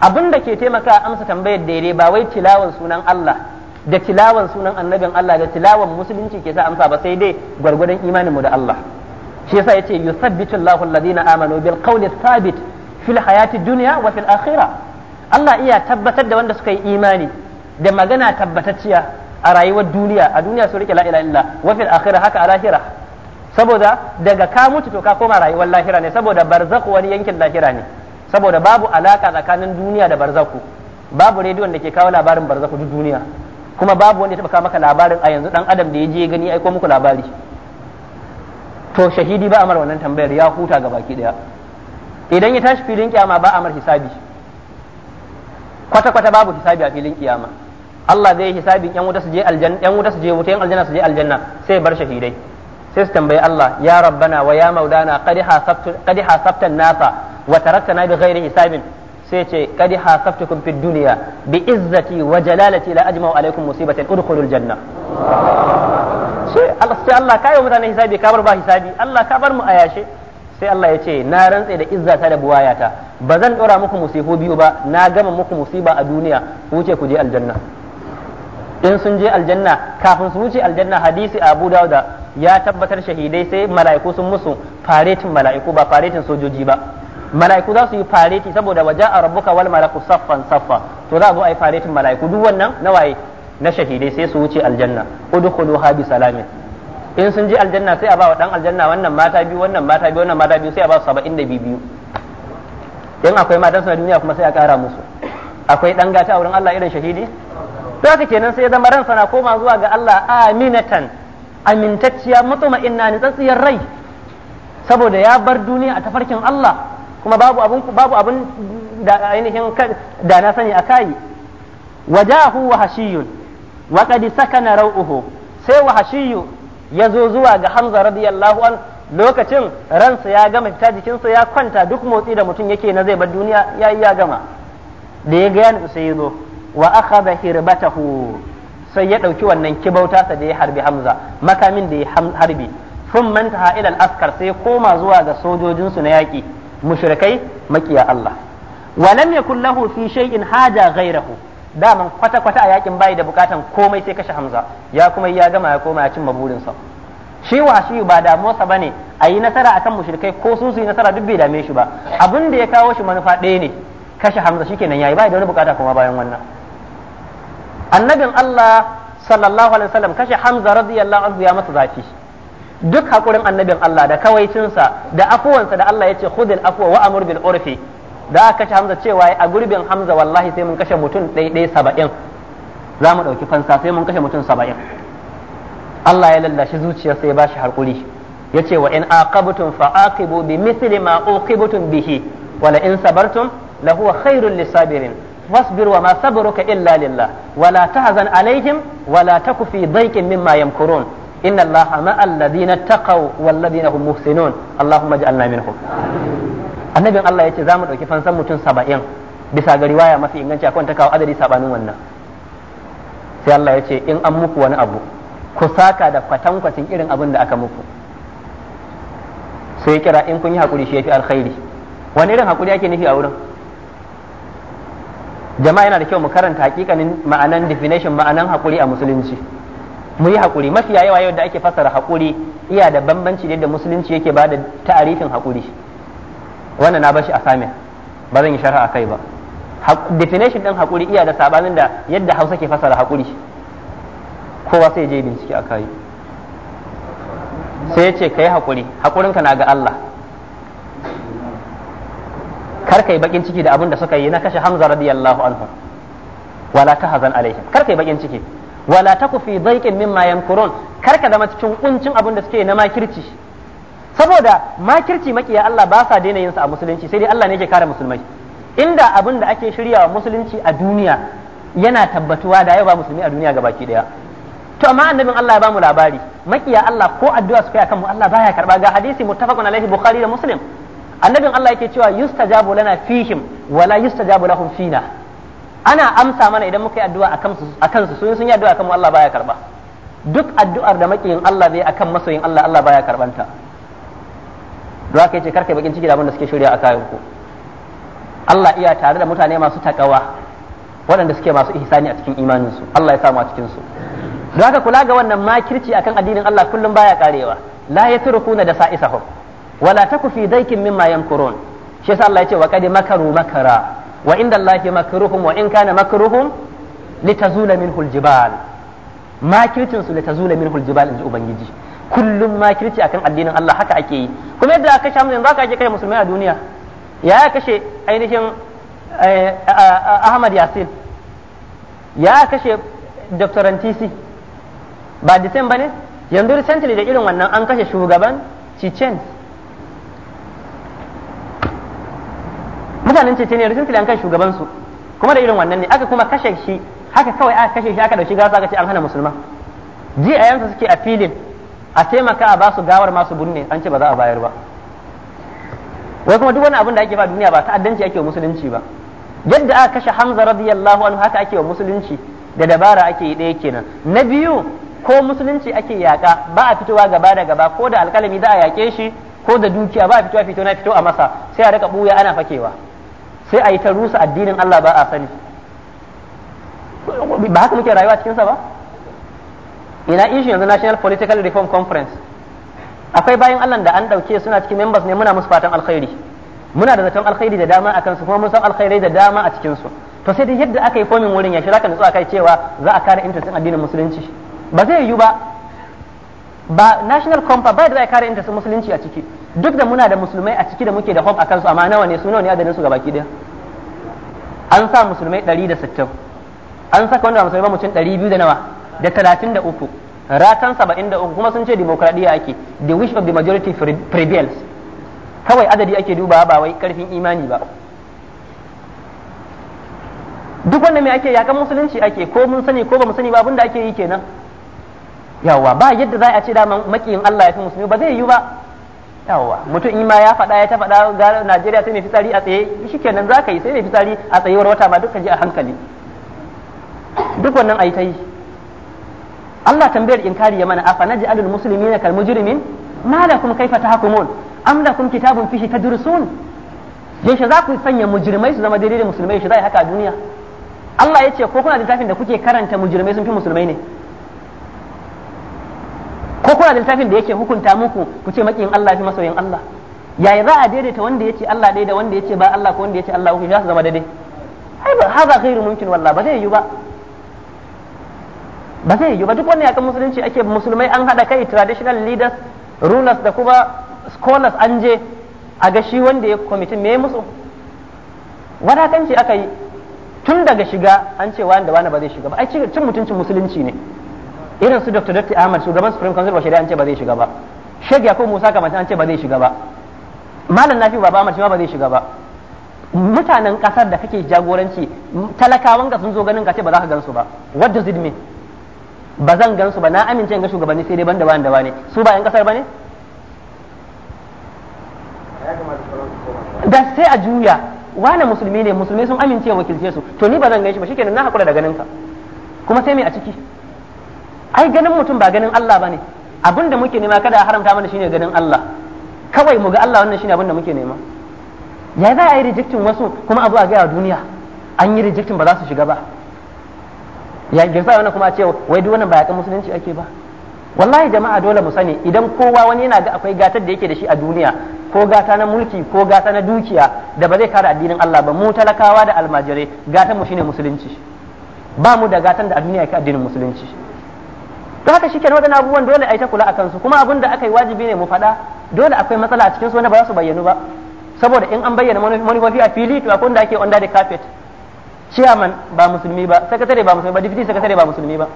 abin da ke taimaka amsa tambayar daidai ba wai tilawan sunan Allah da tilawan sunan annabin Allah da tilawan musulunci ke sa amsa ba sai dai gwargwadon imanin mu da Allah shi yasa yace yusabbitu Allahu alladhina amanu bil qawli thabit fil hayati dunya wa fil akhirah Allah iya tabbatar da wanda suka yi imani da magana tabbatacciya a rayuwar duniya a duniya su rike la ilaha illa wa fil akhirah haka a lahira saboda daga ka mutu to ka koma rayuwar lahira ne saboda barzaku wani yankin lahira ne saboda babu alaka tsakanin duniya da barzaku babu rediyon da ke kawo labarin barzaku duk duniya kuma babu wanda ya taba kawo maka labarin a yanzu dan adam da ya je gani aiko muku labari to shahidi ba amar wannan tambayar ya huta ga baki daya idan ya tashi filin kiyama ba amar hisabi kwata kwata babu hisabi a filin kiyama Allah zai yi hisabin yan wuta su je aljanna yan wuta su je wuta yan aljanna su je aljanna sai bar shahidai sai su tambayi Allah ya rabbana wa ya maulana qad hasabta nasa wa taraktana bi ghairi hisabin sai ce qad hasabtukum fid dunya bi izzati wa jalalati la ajma'u alaykum musibatan udkhulul janna sai Allah sai Allah kai mutane hisabi ka bar ba hisabi Allah ka bar mu ayashe sai Allah ya ce na rantse da izzata da buwayata ba zan dora muku musifu biyu ba na gama muku musiba a duniya wuce ku je aljanna in sun je aljanna kafin su wuce aljanna hadisi abu dawuda ya tabbatar shahidai sai mala'iku sun musu faretin mala'iku ba faretin sojoji ba mala'iku za su yi fareti saboda waje a rabuka wal malaku saffan saffa to za a zo a yi faretin mala'iku duk wannan na waye na shahidai sai su wuce aljanna udkhulu ha bi salamin in sun je aljanna sai a ba wa dan aljanna wannan mata biyu wannan mata biyu wannan mata biyu sai a ba su 72 biyu in akwai matan suna duniya kuma sai a kara musu akwai dan gata a wurin Allah irin shahidi to haka kenan sai ya zama ran sana koma zuwa ga Allah aminatan amintacciya ni tsatsiyar rai saboda ya bar duniya a tafarkin Allah kuma babu abun babu abun da ainihin da na sani akai wajahu wa hashiyun wa qad sakana rauhu sai wa hashiyu yazo zuwa ga Hamza radiyallahu an lokacin ransa ya gama fita jikinsa ya kwanta duk motsi da mutum yake na zai bar duniya ya ya gama da ya ga yana sai yazo wa akhadha hirbatahu sai ya ɗauki wannan kibauta ta da ya harbi hamza makamin da ya harbi sun manta ilal askar sai koma zuwa ga sojojinsu na yaƙi mushrikai makiya Allah walam yakun lahu fi shay'in haja ghayrahu daman kwata kwata a yakin bai da bukatan komai sai kashe hamza ya kuma ya gama ya koma ya cimma burinsa shi wa shi ba damuwarsa bane a yi nasara akan mushrikai ko su su yi nasara duk bai dame shi ba abin da ya kawo shi manufa ɗaya ne kashe hamza shikenan yayi bai da wani bukata kuma bayan wannan annabin Allah sallallahu alaihi wasallam kashe Hamza radiyallahu anhu ya masa zafi duk hakurin annabin Allah da kawaicinsa da afuwansa da Allah ya ce khudil afwa wa amur bil urfi da aka kashe Hamza cewa a gurbin Hamza wallahi sai mun kashe mutum ɗaiɗai saba'in za mu ɗauki fansa sai mun kashe mutum saba'in Allah ya lallashi zuciyarsa ya bashi hakuri ya ce wa in aqabtum fa aqibu bi mithli ma uqibtum bihi wala la in sabartum la huwa khairul lisabirin واصبر وما صبرك إلا لله ولا تحزن عليهم ولا تك في ضيق مما يمكرون إن الله مع الذين اتقوا والذين هم محسنون اللهم اجعلنا منهم annabin Allah ya ce za mu ɗauki fansan mutum saba'in bisa ga riwaya mafi inganci akwai ta kawo adadi sabanin wannan sai Allah ya ce in an muku wani abu ku saka da kwatankwacin irin abun da aka muku sai kira in kun yi hakuri shi yafi alkhairi wani irin hakuri ake nufi a wurin jama'a yana da kyau mu karanta hakikanin ma'anan definition ma'anan hakuri a musulunci mu yi hakuri mafi yawa yau da ake fassara hakuri iya da bambanci da musulunci yake ba da ta'arifin hakuri wannan na bashi a ba zan yi sharha a kai ba definition din hakuri iya da sabanin da yadda hausa ke fassara hakuri kowa sai je bincike a kai sai ya ce ka yi hakuri hakurinka na ga Allah kar kai bakin ciki da abin da suka yi na kashe Hamza radiyallahu anhu wala tahzan alaihim kar kai bakin ciki wala taku fi dhaiqin mimma yamkurun kar ka zama cikin kuncin abin da suke na makirci saboda makirci makiya Allah ba sa daina yin sa a musulunci sai dai Allah ne yake kare musulmai inda abin da ake shirya wa musulunci a duniya yana tabbatuwa da yau ba musulmi a duniya gabaki daya to amma annabin Allah ya bamu labari makiya Allah ko addu'a suka yi akan mu Allah baya karba ga hadisi muttafaqun alaihi bukhari da muslim annabin Allah yake cewa yustajabu lana fihim wala yustajabu lahum fina ana amsa mana idan muka yi addu'a akan su akan su sun yi addu'a kan mu Allah baya karba duk addu'ar da makiyin Allah zai akan masoyin Allah Allah baya karbanta don haka yace karkai bakin ciki da abin da suke shirya a kayan ku Allah iya tare da mutane masu takawa waɗanda suke masu ihsani a cikin imanin su Allah ya samu a cikin su don haka kula ga wannan makirci akan addinin Allah kullum baya karewa la yatrukuna da sa'isahum wala taku fi daikin mimma yamkurun shi yasa Allah ya ce wa qad makaru makara wa inda Allahi makruhum wa in kana makruhum litazula minhu aljibal makircin su litazula minhu aljibal inji ubangiji kullum makirci akan addinin Allah haka ake yi kuma yadda aka kashe yanzu aka ake kai musulmai a duniya ya ya kashe ainihin Ahmad Yasin ya kashe Dr. Ntisi ba Disemba ne yanzu recently da irin wannan an kashe shugaban Chichen mutanen cece ne sun filan kan shugaban su kuma da irin wannan ne aka kuma kashe shi haka kawai aka kashe shi aka dauki gasa aka ce an hana musulma ji a yanzu suke a filin a taimaka a basu gawar masu burne an ce ba za a bayar ba wai kuma duk wani abin da ake ba duniya ba ta'addanci ake wa musulunci ba yadda aka kashe Hamza radiyallahu anhu haka ake wa musulunci da dabara ake yi ɗaya kenan na biyu ko musulunci ake yaƙa ba a fitowa gaba da gaba ko da alƙalami za a yaƙe shi ko da dukiya ba a fitowa fito na fito a masa sai a riƙa buya ana fakewa sai a yi ta rusa addinin Allah ba a sani ba haka muke rayuwa cikinsa ba ina ishi yanzu national political reform conference akwai bayan Allah da an ɗauke suna cikin members ne muna musu fatan alkhairi muna da zaton alkhairi da dama a kansu kuma mun san alkhairai da dama a cikinsu to sai dai yadda aka yi fomin wurin ya shi ka nutsu akai cewa za a kare interest addinin musulunci ba zai yiwu ba ba national compact ba da za a kare interest musulunci a ciki duk da muna da musulmai a ciki da muke da hope a kansu amma nawa ne su nawa ne adadin su gabaki ɗaya an sa musulmai 160 an saka wanda musulmai mutum 200 da nawa da 33 ratan 73 kuma sun ce demokradiya ake the wish of the majority prevails kawai adadi ake dubawa ba wai karfin imani ba duk wanda mai ake yakan musulunci ake ko mun sani ko ba mu sani ba abinda ake yi kenan yawa ba yadda za a ce da makiyin Allah ya fi musulmi ba zai yi ba yawa mutum in ma ya faɗa ya ta faɗa ga Najeriya sai mai fitsari a tsaye shikenan za ka yi sai mai fitsari a tsayewar wata ma dukkan ji a hankali duk wannan ayi ta yi Allah tambayar in kari ya mana afa naj'alul muslimina kal mujrimin ma lakum kaifa tahkumun am lakum kitabun fihi tadrusun yaushe za ku sanya mujrimai su zama daidai da musulmai shi za haka a duniya Allah ya ce ko kuna littafin da kuke karanta mujrimai sun fi musulmai ne kuna da littafin da yake hukunta muku ku ce makiyin Allah fi masoyin Allah yayi za a daidaita wanda yace Allah dai da wanda yace ba Allah ko wanda yace Allah ku za su zama daidai ai ba haza ghairu mumkin walla ba zai yiwu ba ba zai yiwu ba duk ya kan musulunci ake musulmai an hada kai traditional leaders rulers da kuma scholars an je a ga shi wanda ya committee me musu wadatanci aka yi tun daga shiga an ce wanda wani ba zai shiga ba ai cin mutuncin musulunci ne irin su Dr. Dr. Ahmad shugaban Supreme Council ba Sharia an ce ba zai shiga ba Sheikh ko Musa kamar an ce ba zai shiga ba Malam Nafi Baba Ahmad shi ba zai shiga ba mutanen kasar da kake jagoranci talakawan ga sun zo ganin ka ce ba za ka gansu ba what does it mean ba zan gansu ba na amince ga shugabanni sai dai banda banda ne su ba yan kasar bane da sai a juya wani musulmi ne musulmi sun amince wakilce su to ni ba zan gaishe ba shikenan na hakura da ganin ka kuma sai me a ciki ai ganin mutum ba ganin Allah bane abin da muke nema kada a haramta mana shine ganin Allah kawai mu ga Allah wannan shine abinda da muke nema ya za a yi rejectin wasu kuma abu a gaya duniya an yi rejectin ba za su shiga ba ya girsa wannan kuma a ce wai duk wannan ba yakan musulunci ake ba wallahi jama'a dole mu sani idan kowa wani yana ga akwai gatar da yake da shi a duniya ko gata na mulki ko gata na dukiya da ba zai kare addinin Allah ba mu talakawa da almajirai gatan mu shine musulunci ba mu da gatan da a duniya ke addinin musulunci to haka shi kenan waɗannan abubuwan dole yi ta kula a su kuma abin da aka yi wajibi ne mu faɗa dole akwai matsala a cikin su wanda ba za su bayyanu ba saboda in an bayyana manufofi a fili to akwai wanda ake under the carpet chairman ba musulmi ba sakatare ba musulmi ba deputy sakatare ba musulmi ba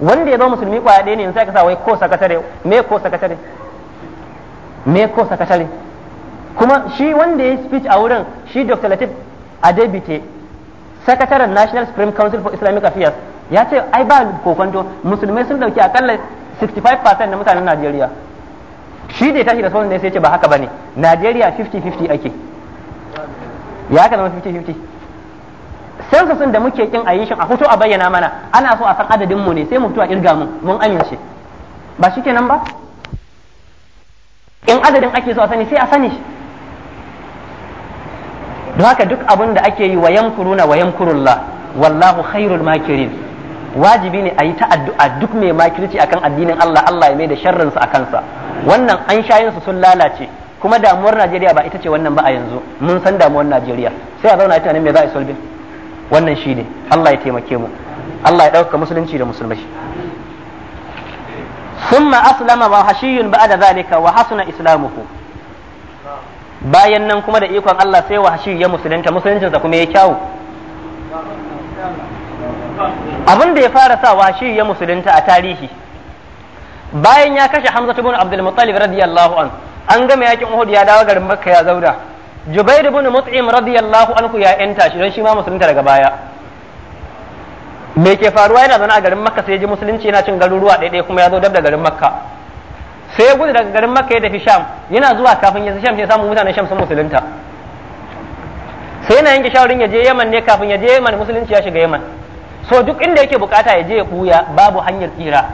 wanda ya zo musulmi kwaya ɗaya ne sai ka sa wai ko sakatare me ko sakatare me ko sakatare kuma shi wanda ya speech a wurin shi Dr. Latif Adebite sakataren national supreme council for islamic affairs ya ce ai ba kokonto musulmai sun dauki akalla 65% na mutanen najeriya shi da tashi da sauran ne sai ce ba haka bane najeriya 50-50 ake ya haka zama 50-50 censusin da muke kin a yi shi a fito a bayyana mana ana so a san adadin mu ne sai mu fito a kirga mu mun amince ba shi kenan ba in adadin ake so a sani sai a sani don haka duk abin da ake yi wa yamkuruna wa yamkurullah wallahu khairul makirin wajibi ne a yi ta addu'a duk mai makirci akan addinin Allah Allah ya mai da sharrinsa a kansa wannan an shayin su sun lalace kuma damuwar Najeriya ba ita ce wannan ba a yanzu mun san damuwar Najeriya sai a zauna a tunanin me za a solve wannan shi ne Allah ya taimake mu Allah ya ɗauka musulunci da musulmai ثم أسلم وحشي بعد ذلك وحسن إسلامه bayan nan kuma da ikon Allah sai wahashi ya musulunta musuluncinsa kuma ya kyawu abin da ya fara sa wahashi ya musulunta a tarihi bayan ya kashe Hamza ibn Abdul Muttalib radiyallahu an an gama yakin Uhud ya dawo garin Makka ya zauna Jubair ibn Mut'im radiyallahu anhu ya yanta shi don shi ma musulunta daga baya me ke faruwa yana zana a garin Makka sai ya ji musulunci yana cin garuruwa ɗaya kuma ya zo dab da garin Makka sai ya gudu daga garin makka ya tafi sham yana zuwa kafin ya sham sai samu mutanen sham sun musulunta sai yana yanke shawarin ya je yaman ne kafin ya je yaman musulunci ya shiga yaman so duk inda yake bukata ya je ya buya babu hanyar tsira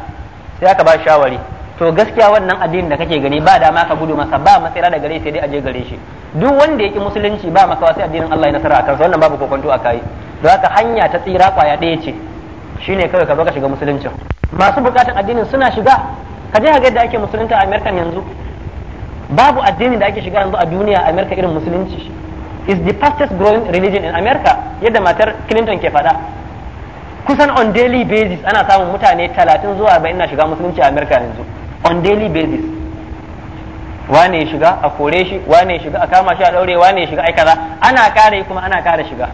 sai aka ba shawari to gaskiya wannan addini da kake gani ba dama ka gudu masa ba matsira da gare sai dai aje gare shi duk wanda yake musulunci ba makawa sai addinin Allah ya nasara akan sa wannan babu kokonto a kai don haka hanya ta tsira kwaya ɗaya ce shine kawai ka zo ka shiga musulunci masu bukatan addinin suna shiga ka je ga yadda ake musulunta a amerika yanzu babu addini da ake shiga yanzu a duniya a Amerika irin musulunci is the fastest growing religion in America yadda matar Clinton ke faɗa kusan on daily basis ana samun mutane 30 zuwa 40 na shiga musulunci a Amerika yanzu on daily basis wane ya shiga a kore shi wane ya shiga a kama shi a daure wane ya shiga ai kaza ana kare kuma ana kare shiga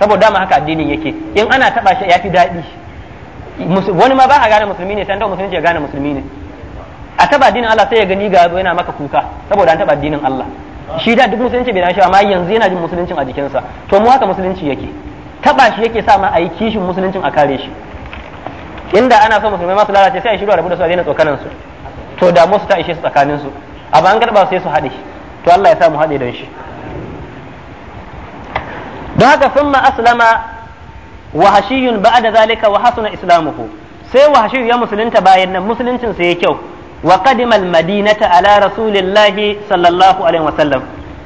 saboda ma haka addinin yake in ana taba shi ya fi daɗi wani ma ba a gane musulmi ne sai an taɓa musulunci ya gane musulmi ne a taɓa addinin Allah sai ya gani ga yana maka kuka saboda an taɓa addinin Allah shi da duk musulunci bai dace amma yanzu yana jin musuluncin a jikinsa to mu haka musulunci yake taɓa shi yake sa ma a yi kishin musuluncin a kare shi inda ana so musulmai masu lalace sai a shiru a rabu da su a daina tsokanan su to da musu ta ishe su tsakanin su ba an su sai su haɗe to Allah ya sa mu haɗe don shi don haka sun ma aslama wahashiyun da zalika wa na islamuhu sai wahashiyu ya musulunta bayan nan musuluncin sa yayi kyau wa qadima madinata ala rasulillahi sallallahu alaihi wasallam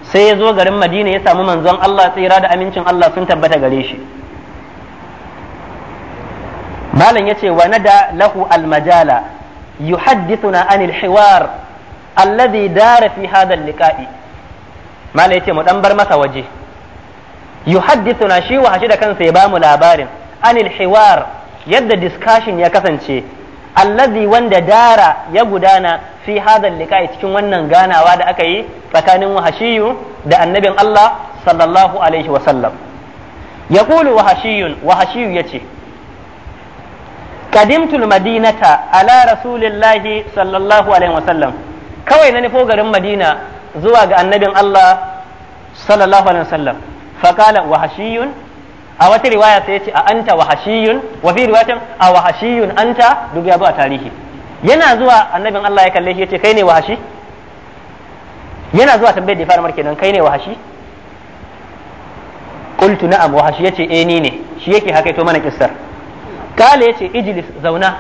sai ya zo garin Madina ya samu manzon Allah tsira da amincin Allah sun tabbata gare shi malam yace wa nada lahu almajala yuhaddithuna anil hiwar alladhi dara fi hadha liqa'i malam yace mu dan bar masa waje yuhaddithuna shi wahashi da kansa ya bamu labarin anil hiwar yadda discussion ya kasance allazi wanda dara ya gudana fi hadal liqa'i cikin wannan ganawa da aka yi tsakanin wahashiyu da annabin Allah sallallahu alaihi wa sallam yaqulu wahashiyun wahashiyu yace qadimtul madinata ala rasulillahi sallallahu alaihi wa sallam kawai na nufo garin madina zuwa ga annabin Allah sallallahu alaihi wa sallam fakala wahashiyun a wata riwaya sai ya ce a anta wahashiyun wa fi riwayatin a wahashiyun anta duk ya zo a tarihi yana zuwa annabin Allah ya kalle shi ya ce kai ne wahashi yana zuwa tambayar da ya fara mar kenan kai ne wahashi qultu na'am wahashi yace eh ni ne shi yake haka to mana kissar kale yace ijlis zauna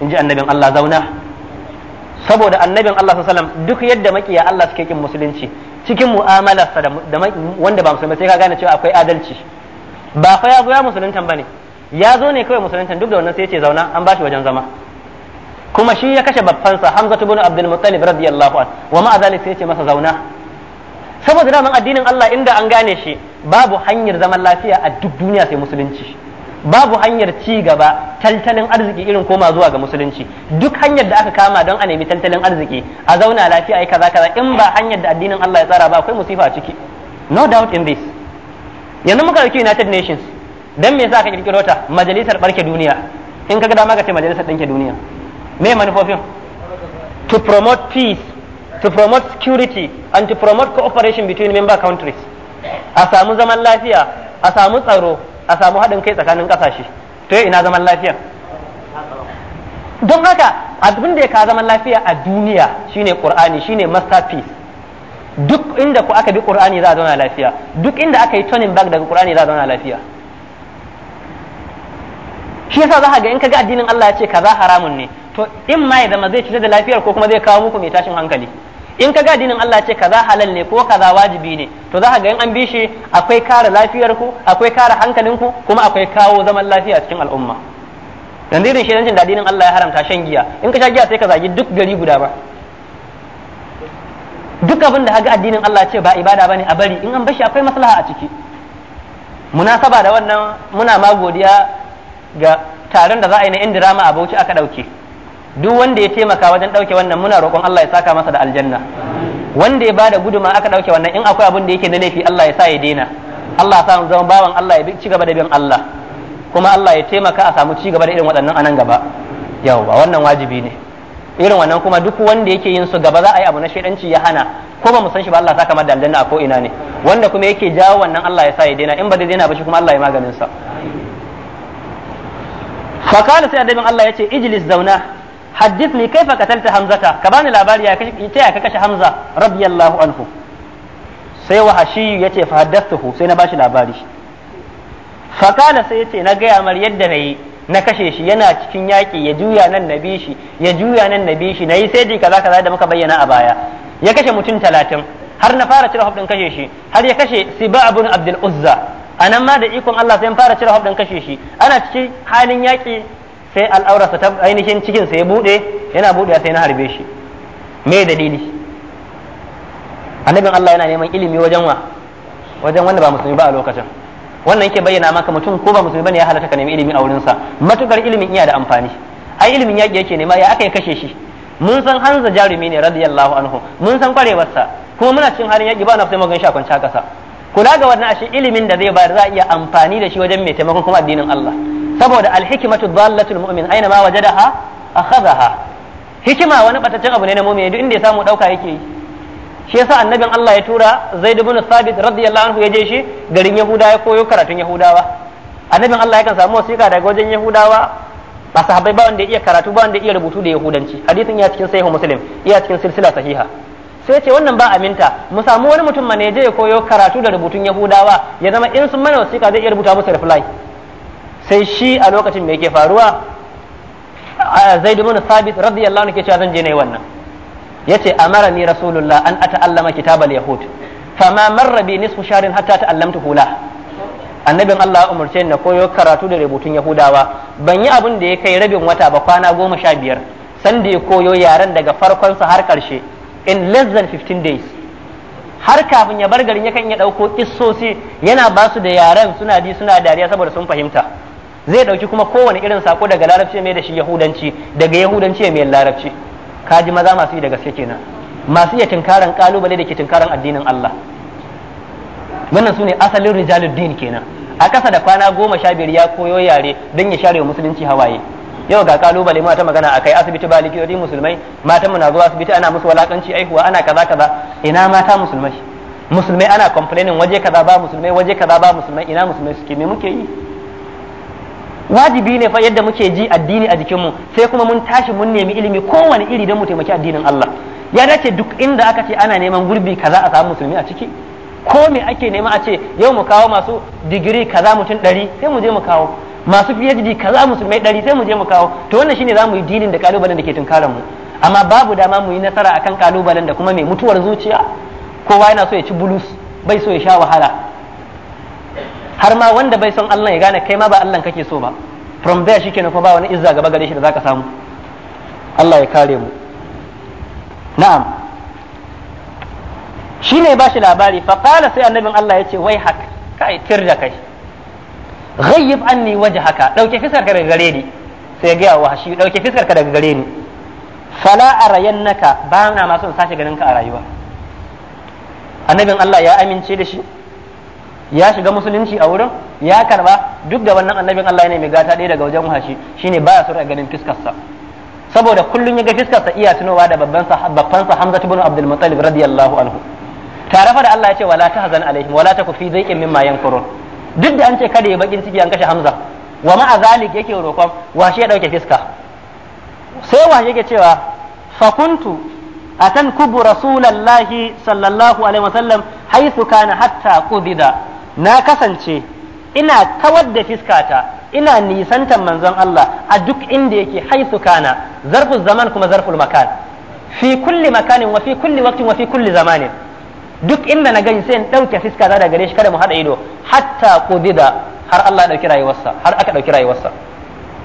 inji annabin Allah zauna saboda annabin Allah sallallahu duk yadda makiya Allah suke kin musulunci cikin mu'amalarsa da wanda ba musulmi sai ka gane cewa akwai adalci ba fa ya zo ya bane ya zo ne kawai musulunta duk da wannan sai ya ce zauna an bashi wajen zama kuma shi ya kashe babbansa Hamza ibn Abdul Muttalib radiyallahu anhu wa ma zalik sai ya ce masa zauna saboda daman addinin Allah inda an gane shi babu hanyar zaman lafiya a duk duniya sai musulunci babu hanyar ci gaba tantalin arziki irin koma zuwa ga musulunci duk hanyar da aka kama don a nemi tantalin arziki a zauna lafiya ai kaza kaza in ba hanyar da addinin Allah ya tsara ba akwai musifa a ciki no doubt in this yanzu muka dauki United Nations dan me yasa aka kirkiro ta majalisar barke duniya in kaga dama ka ce majalisar danke duniya me manufofin to promote peace to promote security and to promote cooperation between member countries a samu zaman lafiya a samu tsaro a samu haɗin kai tsakanin ƙasashe to ina zaman lafiya don haka abin da ya ka zaman lafiya a duniya shine qur'ani shine masterpiece duk inda ku aka bi qur'ani za a zauna lafiya duk inda aka yi turning back daga qur'ani za a zauna lafiya shi yasa za ga in ga addinin Allah ya ce kaza haramun ne to in ma ya zama zai cutar da lafiyar ko kuma zai kawo muku mai tashin hankali in ka ga addinin Allah ce kaza halal ne ko kaza wajibi ne to za ka ga in an bi akwai kare lafiyar ku akwai kare hankalin ku kuma akwai kawo zaman lafiya cikin al'umma dan dirin shi da addinin Allah ya haramta shan giya in ka sha giya sai ka zagi duk gari guda ba duk abin da ga addinin Allah ce ba ibada bane a bari in an bashi akwai maslaha a ciki munasaba da wannan muna ma godiya ga taron da za a yi na indirama a Bauchi aka dauke duk wanda ya taimaka wajen ɗauke wannan muna roƙon Allah ya saka masa da aljanna wanda ya bada guduma aka ɗauke wannan in akwai abin da yake na laifi Allah ya sa ya daina Allah ya sa mu zama bawan Allah ya ci gaba da bin Allah kuma Allah ya taimaka a samu ci gaba da irin waɗannan anan gaba ba wannan wajibi ne irin wannan kuma duk wanda yake yin su gaba za a yi abu na shaidanci ya hana ko ba mu san shi ba Allah ya saka da aljanna a ko ina ne wanda kuma yake jawo wannan Allah ya sa ya daina in ba zai daina ba shi kuma Allah ya maganin sa fa kana sai adabin Allah yace ijlis zauna haddithni kaifa qatalta hamzata ka bani labari ya ta ya ka kashe hamza radiyallahu anhu sai wahashi yace fa haddathuhu sai na bashi labari fa kana sai yace na gaya mar yadda nayi na kashe shi yana cikin yaƙi ya juya nan na bi shi ya juya nan na bi shi na yi sai kaza kaza da muka bayyana a baya ya kashe mutum talatin har na fara cire hafɗin kashe shi har ya kashe siba abun abdul uzza a nan ma da ikon Allah sai fara cire hafɗin kashe shi ana cikin halin yaki. sai al'aurarsa ta ainihin cikinsa ya buɗe yana bude sai na harbe shi me dalili annabin Allah yana neman ilimi wajen wa wajen wanda ba musulmi ba a lokacin wannan yake bayyana maka mutum ko ba musulmi bane ya halatta ka nemi ilimi a wurinsa matukar ilimin iya da amfani ai ilimin yaki yake nema ya aka yi kashe shi mun san Hanza jarumi ne radiyallahu anhu mun san kwarewarsa kuma muna cikin halin yaki ba na sai magan shakon kasa kula ga wannan ashe ilimin da zai bayar za a iya amfani da shi wajen mai taimakon kuma addinin Allah saboda alhikimatu dhallatul mu'min aina ma wajadaha akhadhaha hikima wani batacin abu ne na mu'min duk inda ya samu dauka yake yi shi yasa annabin Allah ya tura Zaid ibn Thabit radiyallahu anhu ya je shi garin Yahuda ya koyo karatun Yahudawa annabin Allah yakan samu wasiƙa daga wajen Yahudawa ba sahabbai ba wanda ya iya karatu ba wanda iya rubutu da Yahudanci hadisin ya cikin sahih Muslim ya cikin silsila sahiha sai ce wannan ba aminta mu samu wani mutum je ya koyo karatu da rubutun Yahudawa ya zama in sun mana wasiƙa zai iya rubuta musu reply sai shi a lokacin me ke faruwa zaid sabis thabit radiyallahu anhu ke cewa zan je nayi wannan yace amara ni rasulullah an ata'allama kitabal yahud fama marra bi nisfu sharin hatta ta hula annabin Allah ya umarce ni na koyo karatu da rubutun yahudawa ban yi abin da ya kai rabin wata ba kwana goma sha biyar san ya koyo yaren daga farkon sa har karshe in less than 15 days har kafin ya bar garin yakan ya ɗauko kissosi yana ba su da yaren suna ji suna dariya saboda sun fahimta zai ɗauki kuma kowane irin sako daga larabci mai da shi yahudanci daga yahudanci mai larabci kaji maza masu yi da gaske kenan masu iya tinkaran kalubale da ke tunkaran addinin Allah wannan sune asalin rijaluddin kenan a kasa da kwana goma sha biyar ya koyo yare don ya share musulunci hawaye yau ga kalubale ta magana akai asibiti ba likitoci musulmai matan mu na zuwa asibiti ana musu walakanci aihuwa ana kaza kaza ina mata musulmai musulmai ana complaining waje kaza ba musulmai waje kaza ba musulmai ina musulmai suke me muke yi wajibi ne fa yadda muke ji addini a jikinmu sai kuma mun tashi mun nemi ilimi kowane iri don mu taimaki addinin Allah ya dace duk inda aka ce ana neman gurbi kaza a samu musulmi a ciki ko me ake nema a ce yau mu kawo masu digiri kaza mutum ɗari sai mu je mu kawo masu PhD kaza musulmai ɗari sai mu je mu kawo to wannan shine zamu yi dinin da kalubalen da ke tunkaran mu amma babu dama mu yi nasara akan kalubalen da kuma mai mutuwar zuciya kowa yana so ya ci bulus bai so ya sha wahala har ma wanda bai son Allah ya gane kai ma ba Allah kake so ba from there shikenan kuma ba wani izza gaba gare shi da zaka samu Allah ya kare mu na'am shine ba shi labari fa qala sai annabin Allah ya ce wai hak kai tir da kai ghayyib anni wajhaka dauke fiskar ka daga gare ni sai ga wa shi dauke fiskar ka daga gare ni fala arayannaka ba na ma son sashi ganin ka a rayuwa annabin Allah ya amince da shi ya shiga musulunci a wurin ya karba duk da wannan annabin Allah ne mai gata ɗaya daga wajen wahashi shine baya so ganin fiskarsa saboda kullum ya ga fiskarsa iya tunowa da babban babban Hamza ibn Abdul Muttalib radiyallahu anhu tare fa da Allah ya ce wala tahzan alaihim wala taku fi dhaiqin mimma yankurun duk da an ce kada ya bakin ciki an kashe Hamza wa ma'a zalik yake roƙon washe ya dauke fiska sai washe yake cewa fakuntu kubu rasulullahi sallallahu alaihi wasallam haythu kana hatta qudida na kasance ina kawar da fiskata ina nisantar manzon Allah a duk inda yake haisu kana zarfu zaman kuma zarful makan fi kulli makanin wa fi kulli waqtin wa fi kulli zamanin duk inda na gani sai in dauke fiskata daga gare shi kada mu hada ido hatta qudida har Allah ya dauki rayuwarsa har aka dauki rayuwarsa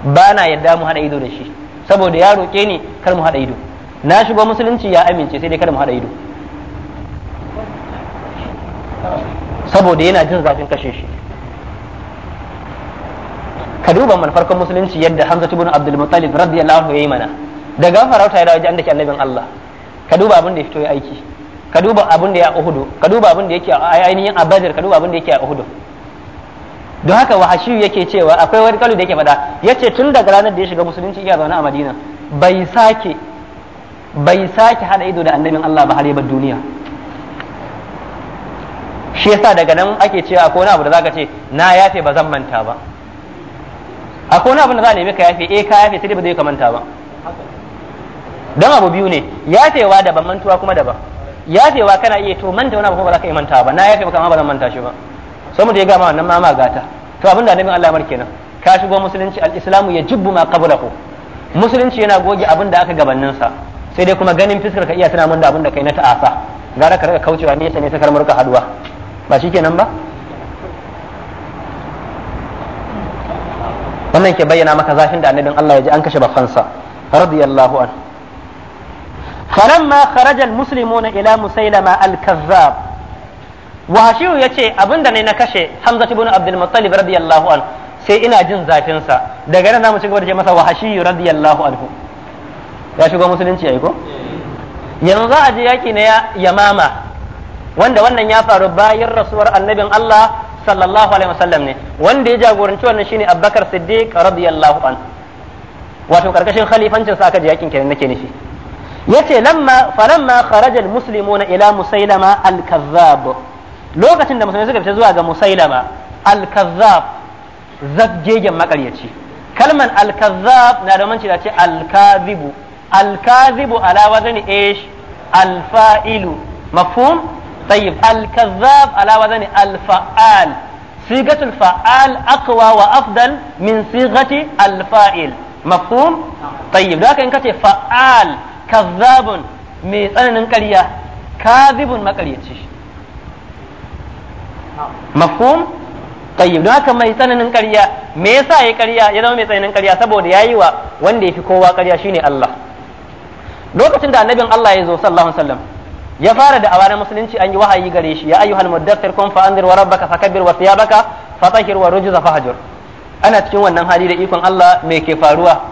ba na yadda mu hada ido da shi saboda ya roke ni kar mu hada ido na shigo musulunci ya amince sai dai kada mu hada ido saboda yana jin zafin kashe shi ka duba man farkon musulunci yadda Hamza ibn Abdul mutalib radiyallahu anhu mana da Farauta ya dawo ji da ke annabin Allah ka duba abin da ya fito ya aiki ka duba abin da ya uhudu ka duba abin da yake a ainihin a Badr ka duba abin da yake a Uhudu. don haka wahashiyu yake cewa akwai wani kalu da yake faɗa yace tun daga ranar da ya shiga musulunci iya zaune a Madina bai sake bai sake hada ido da annabin Allah ba har ya bar duniya shi yasa daga nan ake cewa akwai wani abu da zaka ce na yafe ba zan manta ba akwai wani abu da za a nemi ka yafe eh ka yafe sai ba zai ka manta ba don abu biyu ne yafewa daban mantuwa kuma daban yafewa kana iya to manta wani abu kuma ba za ka iya manta ba na yafe ba amma ba zan manta shi ba sai mu je ga wannan mama gata to abin da annabin Allah mar kenan ka shigo musulunci al-islamu yajibbu ma qablahu musulunci yana goge abin da aka gabannin sa sai dai kuma ganin fiskar ka iya tana mun da abin da kai na ta'asa gara ka rika kaucewa nesa ne karmar ka haduwa ba shi kenan ba wannan ke bayyana maka zafin da annabin Allah ya ji an kashe bafansa radiyallahu an falamma kharaja almuslimuna ila musailama alkazzab wahshiyu yace abinda ne na kashe hamza ibn abdul muttalib radiyallahu an sai ina jin zafin sa daga nan zamu cigaba da ce masa wahshiyu radiyallahu anhu ya shigo musulunci yayi ko eh. yanzu za a je yaki na yamama wanda wannan ya faru bayan rasuwar annabin Allah sallallahu alaihi wasallam ne wanda ya jagoranci wannan shine Abubakar Siddiq radiyallahu an wato karkashin khalifancin sa aka ji yakin kenan nake nishi yace lamma falamma kharaja almuslimuna ila musailama alkazzab lokacin da musulmai suka fita zuwa ga musailama alkazzab zaggegen makaryaci kalman alkazzab na da manci da ce alkazibu alkazibu ala wazni ish alfa'ilu mafhum tayyib al-kazzab ala wazani alfa'al faal sigatul fa'al aqwa wa afdal min sigati al-fa'il mafhum tayyib da haka in kace fa'al kazzabun mai tsananin ƙarya kadhibun makaryaci mafhum tayyib don haka mai tsananin ƙarya me yasa ya ƙarya ya zama mai tsananin karya saboda ya yi wa wanda ya fi kowa ƙarya shine Allah lokacin da annabin Allah ya zo sallallahu alaihi ya fara da awa na musulunci an yi wahayi gare shi ya ayyuhal muddathir kun fa anzir wa rabbaka fakabbir wa thiyabaka fatahir wa rujza fahjur ana cikin wannan hali da ikon Allah mai ke faruwa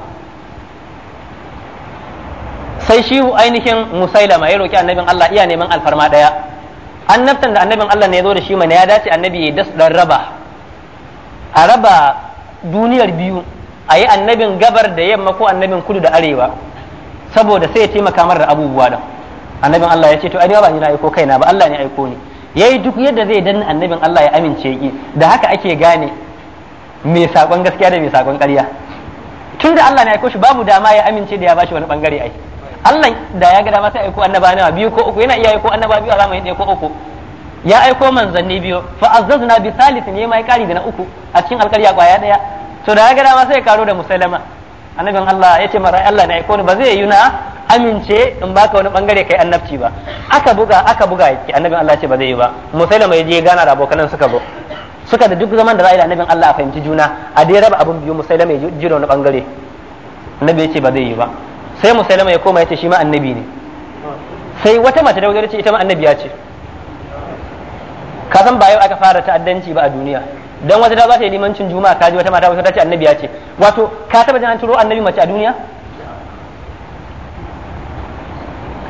sai shi ainihin musailama ya roki annabin Allah iya neman alfarma daya annabtan da annabin Allah ne ya zo da shi mana ya dace annabi ya das dan raba a raba duniyar biyu a yi annabin gabar da yamma ko annabin kudu da arewa saboda sai ya taimaka mar da abubuwa da annabin Allah ya ce to ai ba ni na aiko kaina ba Allah ne aiko ni yayi duk yadda zai danna annabin Allah ya amince ki da haka ake gane me sakon gaskiya da me sakon ƙarya Tunda da Allah ne aiko shi babu dama ya amince da ya bashi wani bangare ai Allah da ya ga dama sai aiko annaba na biyu ko uku yana iya aiko annaba biyu a zamanin ɗaya ko uku ya aiko manzanni biyu fa azzazna bi ne ne mai kari da na uku a cikin alƙarya kwaya daya to da ya ga dama sai ya karo da musalama annabin Allah ya ce mara Allah ne aiko ni ba zai yi na amince in baka wani bangare kai annabci ba aka buga aka buga ki annabin Allah ce ba zai yi ba musailama ya je gana da abokan suka zo suka da duk zaman da za a yi da annabin Allah a fahimci juna a dai raba abun biyu musailama ya ji wani bangare annabi ya ce ba zai yi ba sai musailama ya koma ya ce shi ma annabi ne sai wata mata da ce ita ma annabiya ce ka san ba yau aka fara ta'addanci ba a duniya dan wata da za ta yi limancin juma'a kaji wata mata wata ta ce annabiya ce wato ka taba jin an turo annabi mace a duniya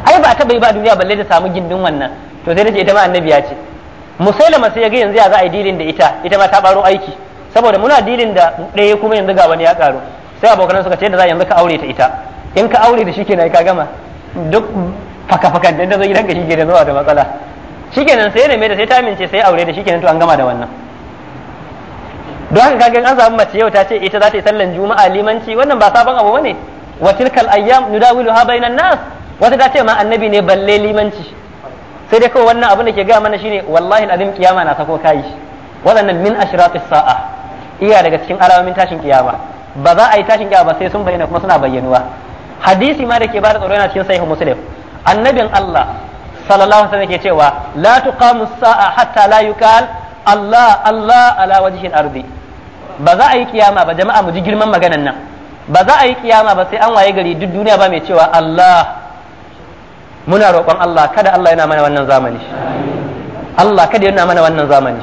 ai ba taba yi ba duniya balle ta samu gindin wannan to sai dace ita ma annabi ya ce musailama sai ya ga yanzu ya za a yi dilin da ita ita ma ta baro aiki saboda muna dilin da ɗaya kuma yanzu ga wani ya karu sai abokan suka ce da za yanzu ka aure ta ita in ka aure da shikenan ka gama duk faka-fakan da zai shi gidan zuwa da matsala shikenan sai ne mai da sai ta mince sai aure da shikenan to an gama da wannan don haka kaga an samu mace yau ta ce ita za ta yi sallan juma'a limanci wannan ba sabon abu bane wa tilkal ayyam ha bainan nas wata ta ce ma annabi ne balle limanci sai dai kawai wannan abin da ke gaya mana shine wallahi alazim kiyama na sako kai waɗannan min ashratis sa'a iya daga cikin alamomin tashin kiyama ba za a yi tashin kiyama ba sai sun bayyana kuma suna bayyanuwa hadisi ma da ke bada tsaro yana cikin sahih muslim annabin Allah sallallahu alaihi wasallam ke cewa la tuqamu sa'a hatta la yuqal Allah Allah ala wajhil ardi ba za a yi kiyama ba jama'a mu ji girman maganan nan ba za a yi kiyama ba sai an waye gari duk duniya ba mai cewa Allah muna roƙon Allah kada Allah yana mana wannan zamani Allah kada yana mana wannan zamani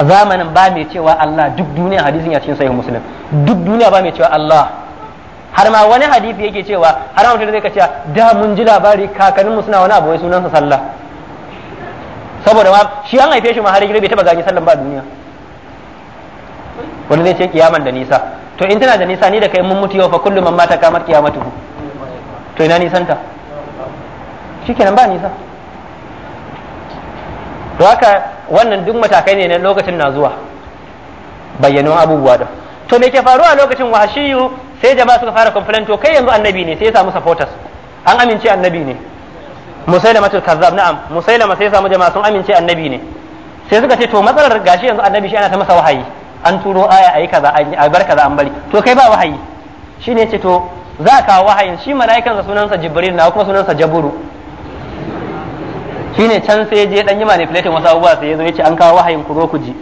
a zamanin ba mai cewa Allah duk duniya hadisin ya cikin sahih muslim duk duniya ba mai cewa Allah har ma wani hadisi yake cewa har ma mutum zai kace da mun ji labari kakannin mu suna wani abu wai sunansa sallah saboda ma shi an haife shi ma har bai taba gani sallan ba duniya wani zai ce kiyaman da nisa to in tana da nisa ni da kai mun mutu yau fa kullum man mata kamar kiyamatuhu to ina nisan ta shikenan ba nisa to haka wannan duk matakai ne na lokacin na zuwa bayyanu abubuwa da to me ke faruwa lokacin wahashiyu sai jama'a suka fara complain to kai yanzu annabi ne sai ya samu supporters an amince annabi ne Musailama ta kazzab na'am musailama sai ya samu jama'a sun amince annabi ne sai suka ce to matsalar gashi yanzu annabi shi ana ta masa wahayi an turo aya ayi kaza a bar kaza an bari to kai ba wahayi shine ce to za ka wahayin shi mala'ikan sunansa jibril na kuma sunansa jaburu shi ne can sai je dan yi manipulating wasu abubuwa sai ya ce an kawo wahayin ku zo ku ji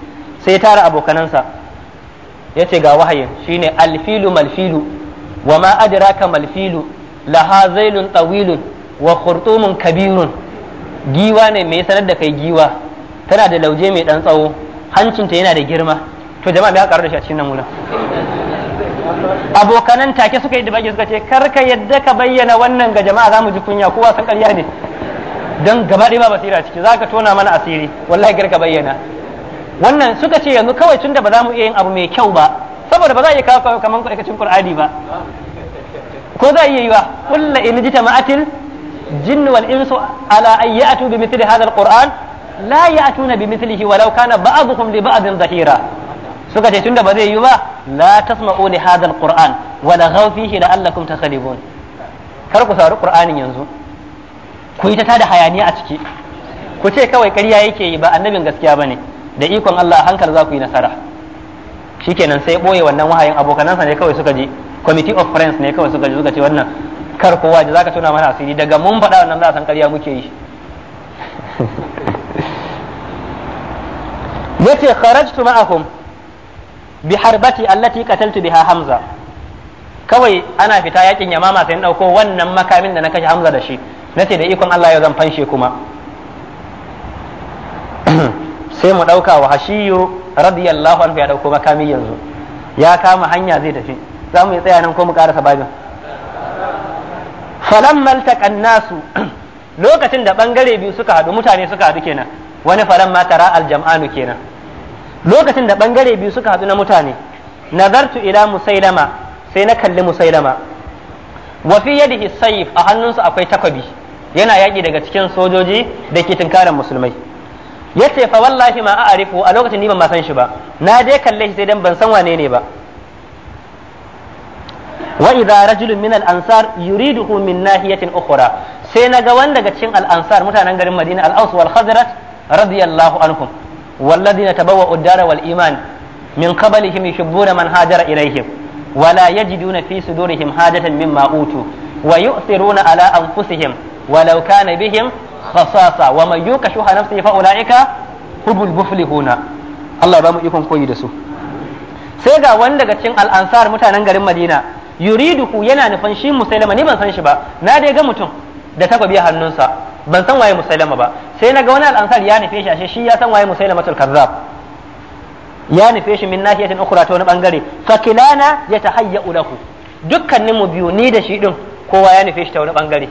sai ya tara abokanansa ya ce ga wahayin shi shine alfilu malfilu wa ma adraka malfilu laha zailun tawilun wa khurtumun kabirun giwa ne mai sanar da kai giwa tana da lauje mai dan tsawo hancinta yana da girma to jama'a mai aka da shi a cikin nan wurin abokanan take suka yi dibage suka ce kar ka yadda ka bayyana wannan ga jama'a za mu ji kunya kowa san ƙarya ne don gaba ɗaya ba basira ciki za ka tona mana asiri wallahi garka bayyana wannan suka ce yanzu kawai tunda ba za mu iya yin abu mai kyau ba saboda ba za a iya kawo kamar kwaikacin qur'ani ba ko za a iya yi ba kulla in jita ma'atil jinn wal insu ala ayyatu bi mithli hadha al qur'an la ya'tuna bi mithlihi walau kana ba'dhukum li ba'dhin zahira suka ce tunda ba zai yi ba la tasma'u li hadha al qur'an wa la fihi la'allakum takhalibun kar ku saru qur'anin yanzu ku yi ta tada hayaniya a ciki ku ce kawai ƙarya yake yi ba annabin gaskiya ba ne, da ikon Allah hankali za ku yi nasara kenan sai ɓoye wannan wahayin abokanansa ne kawai suka ji committee of friends ne kawai suka ji suka ce wannan kar kowa ji zaka tona mana asiri daga mun faɗa wannan za a san ƙarya muke yi yace kharajtu ma'ahum bi harbati allati qataltu biha hamza kawai ana fita yakin yamama sai dauko wannan makamin da na kashe hamza da shi na ce da ikon Allah ya zan fanshe kuma sai mu ɗauka wa hashiyu radiyallahu anhu ya ɗauko makami yanzu ya kama hanya zai tafi za mu yi tsaya nan ko mu ƙarasa babin falammal nasu lokacin da ɓangare biyu suka haɗu mutane suka haɗu kenan wani faran ma tara aljam'anu kenan lokacin da ɓangare biyu suka haɗu na mutane nazartu ila musailama sai na kalli musailama wa fi yadihi sayf a hannunsa akwai takwabi yana yaƙi daga cikin sojoji da ke tunkaran musulmai yace fa wallahi ma a'rifu a lokacin ni ban san shi ba na je kalle shi sai dan ban san wane ne ba wa idza rajulun min al-ansar yuriduhu min nahiyatin ukhra sai naga wanda daga cikin al-ansar mutanen garin Madina al-Aws wal Khazraj radiyallahu anhum والذين تبوأوا min والإيمان من قبلهم يحبون من هاجر إليهم yajiduna fi sudurihim hajatan mimma utu wa yu'thiruna ala anfusihim walau kana bihim khasasa wa man yuka shuha nafsihi fa ulaika humul muflihuna Allah ba mu ikon koyi da su sai ga wani daga cikin al'ansar mutanen garin Madina yuriduhu yana nufin shi musailama ni ban san shi ba na dai ga mutum da takwabi a hannunsa ban san waye musailama ba sai na ga wani al'ansar ya nufe shi ashe shi ya san waye musailamatul kazzab ya nufe shi min nahiyatin ukhra ta wani bangare fa kilana hayya lahu dukkanin mu biyu ni da shi din kowa ya nufe shi ta wani bangare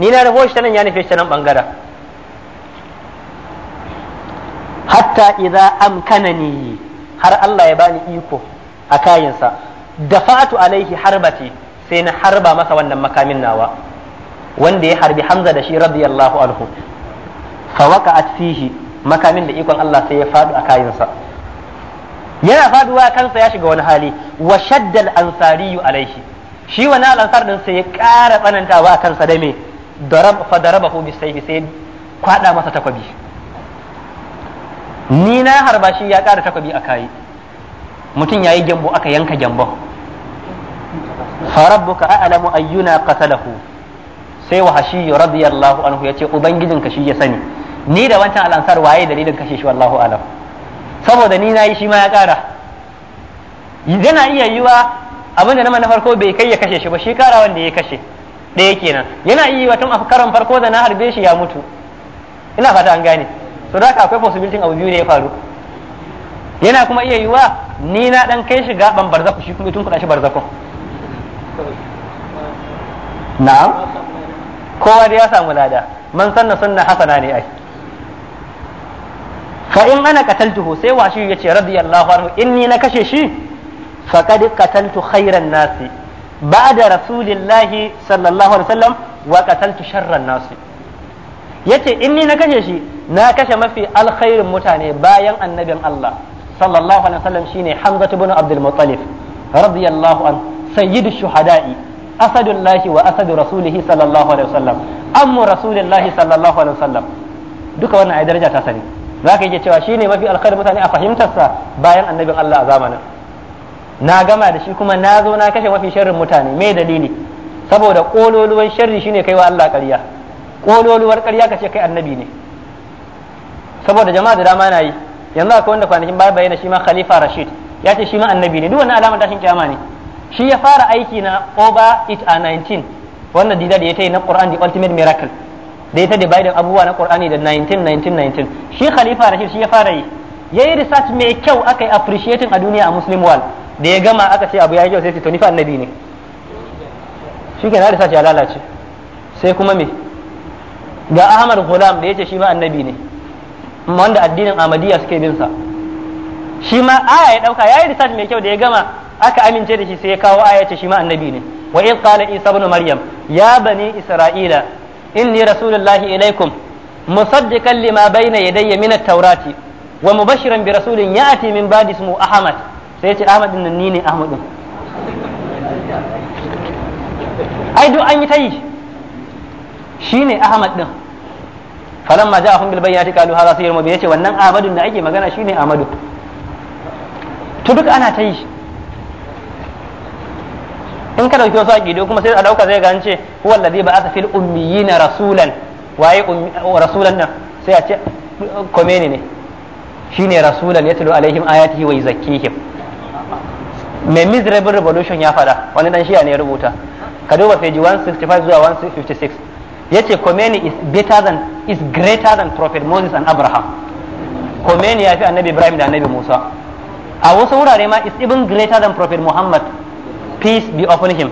ni na rabo shi ta nan ya nufe shi ta nan bangaren hatta idza amkanani har Allah ya bani iko a kayinsa dafa'atu alaihi harbati sai na harba masa wannan makamin nawa wanda ya harbi Hamza da shi radiyallahu anhu waqa'at fihi makamin da ikon Allah sai ya fadu a kayinsa yana faduwa kansa ya shiga wani hali wa shaddal ansariyu alaihi shi wani al'ansar din sai ya kara tsanantawa kansa da me fa darabahu bisayfi sai kwaɗa masa takwabi ni na harba shi ya ƙara takwabi a kayi mutum yayi jambo aka yanka gyambon farabbuka a'lamu ayyuna qatalahu sai wa hashi radiyallahu anhu yace ka shi ya sani ni da wancan al'ansar waye dalilin kashe shi wallahu alam saboda ni na shi ma ya ƙara yana iya yiwa abinda da na farko bai kai ya kashe shi ba shi kara wanda ya kashe ɗaya kenan yana iya tun a karon farko da na harbe shi ya mutu ina fata an gane so da haka akwai possibility abu biyu ne ya faru yana kuma iya yiwa ni na dan kai shi gaban barzaku shi kuma tun kuɗa shi barzakun na'am kowa da ya samu lada man sanna sunna hasana ne ai fa in ana qataltuhu sai washi yace radiyallahu anhu inni na kashe shi faqad qataltu khairan nasi ba'da rasulillahi sallallahu alaihi wasallam wa qataltu sharran nas yace in ni na kashe shi na kashe mafi alkhairin mutane bayan annabin Allah sallallahu alaihi wasallam shine Hamza ibn Abdul Muttalib radiyallahu an sayyidu shuhada'i asadullahi wa asadu rasulihi sallallahu alaihi wasallam ammu rasulillahi sallallahu alaihi wasallam duka wannan ai daraja ta sani zaka yake cewa shine mafi alkhairin mutane a fahimtarsa bayan annabin Allah a zamanin na gama da shi kuma na zo na kashe mafi sharrin mutane me dalili saboda kololuwan sharri shine kai wa Allah ƙarya kololuwar ƙarya ce kai annabi ne saboda jama'a da dama na yi yanzu akwai wanda kwanakin baya bayyana shi ma khalifa rashid ya ce shi ma annabi ne duk wannan alamar tashin kiyama ne shi ya fara aiki na over it a 19 wannan dida da ya ta yi na Quran the ultimate miracle da ya ta dividing abubuwa na Qur'ani da 19 19 19 shi khalifa rashid shi ya fara yi yayi research mai kyau aka yi appreciating a duniya a muslim world da ya gama aka ce abu ya yi kyau sai ce to ni fa annabi ne shi ke da sace ya lalace sai kuma me ga ahmad gulam da ya ce shi ma annabi ne wanda addinin amadiya suke bin sa shi ma aya ya dauka yayi research mai kyau da ya gama aka amince da shi sai ya kawo aya ce shi ma annabi ne wa in qala isa ibn maryam ya bani isra'ila inni rasulullahi ilaikum musaddiqan lima bayna yadayya min at-taurati wa mubashiran bi rasulin ya'ti min ba'di ismu ahmad sai ce Ahmad din nan ni ne Ahmad din ai duk an yi ta yi shine Ahmad din ma ja'a bil bayyati kalu hadha sayyid mubin yace wannan Ahmadun da ake magana shine Ahmadu to duk ana ta yi in ka dauki wasu aqido kuma sai a dauka zai ga an ce huwa allazi ba'atha fil ummiyina rasulan waye oh, rasulan nan sai a ce komene ne shine rasulan yatlu alaihim ayatihi wa yuzakkihim mai miserable revolution ya fada wani dan shiya ne ya rubuta ka duba page 165 zuwa 156 yace Khomeini is better than is greater than prophet Moses and Abraham Khomeini ya fi annabi Ibrahim da annabi Musa a wasu wurare ma is even greater than prophet Muhammad peace be upon him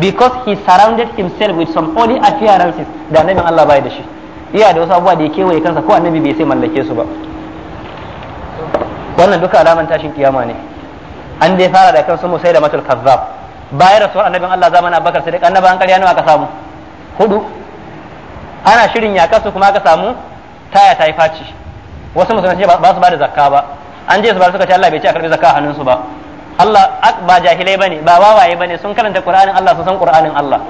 because he surrounded himself with some holy appearances da annabi Allah bai da shi iya da wasu abubuwa da ya kewaye kansa ko annabi bai sai mallake su ba wannan duka alaman tashin kiyama ne an dai fara da kansu musai da matul kazzab bayan rasuwar annabin Allah zamanin Abubakar dai annaba an karya nawa aka samu hudu ana shirin yakar su kuma aka samu taya tayi faci wasu musulmai ba su ba da zakka ba an je su ba suka ce Allah bai ce a karbi zakka hannun su ba Allah ba jahilai bane ba wawaye bane sun karanta Qur'anin Allah su san Qur'anin Allah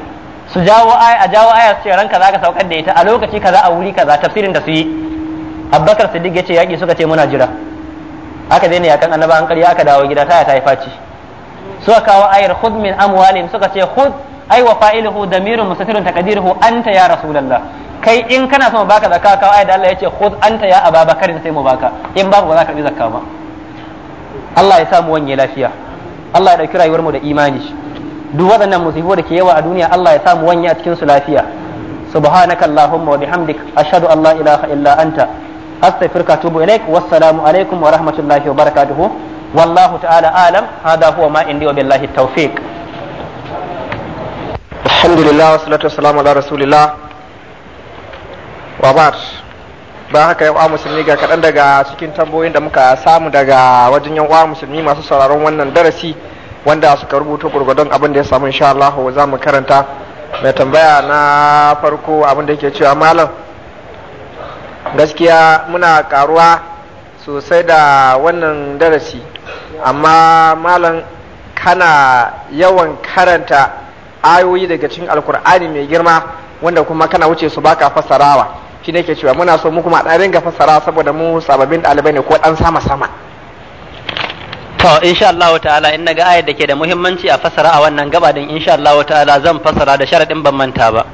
su jawo aya a jawo aya su ce kaza ka saukar da ita a lokaci kaza a wuri kaza tafsirin da su yi Abubakar Siddiq ya ce yaki suka ce muna jira aka daina yakan annaba an ƙarya aka dawo gida sai ta yi faci suka kawo ayar khud min amwalin suka ce khud ay wa fa'iluhu damirun mustatirun taqdiruhu anta ya rasulullah kai in kana son baka zakka kawo ayar da Allah yace khud anta ya ababakar sai mu baka in babu ba za ka bi zakka ba Allah ya samu wanye lafiya Allah ya dauki rayuwar mu da imani duk waɗannan musibo da ke yawa a duniya Allah ya samu wanye a cikin su lafiya subhanakallahumma wa bihamdik ashhadu an la ilaha illa anta astaghfiruka wa atubu ilaik wassalamu alaikum wa rahmatullahi wa barakatuhu wallahu ta'ala alam hada huwa ma indi wa billahi tawfiq alhamdulillah wa wassalamu ala rasulillah wa ba'd ba haka yan uwa musulmi ga kaɗan daga cikin tamboyin da muka samu daga wajen yan uwa musulmi masu sauraron wannan darasi wanda suka rubuta gurgudun abin da ya samu insha Allah za mu karanta mai tambaya na farko abin da yake cewa malam gaskiya muna karuwa sosai da wannan darasi amma malam kana yawan karanta ayoyi daga cikin alkur'ani mai girma wanda kuma kana wuce su baka fassarawa shi ne ke cewa muna so mu kuma ɗan ringa fassara saboda mu sababbin ɗalibai ne ko ɗan sama sama to insha Allah ta'ala in naga ayar da ke da muhimmanci a fassara a wannan gaba din insha Allah ta'ala zan fassara da sharadin ban manta ba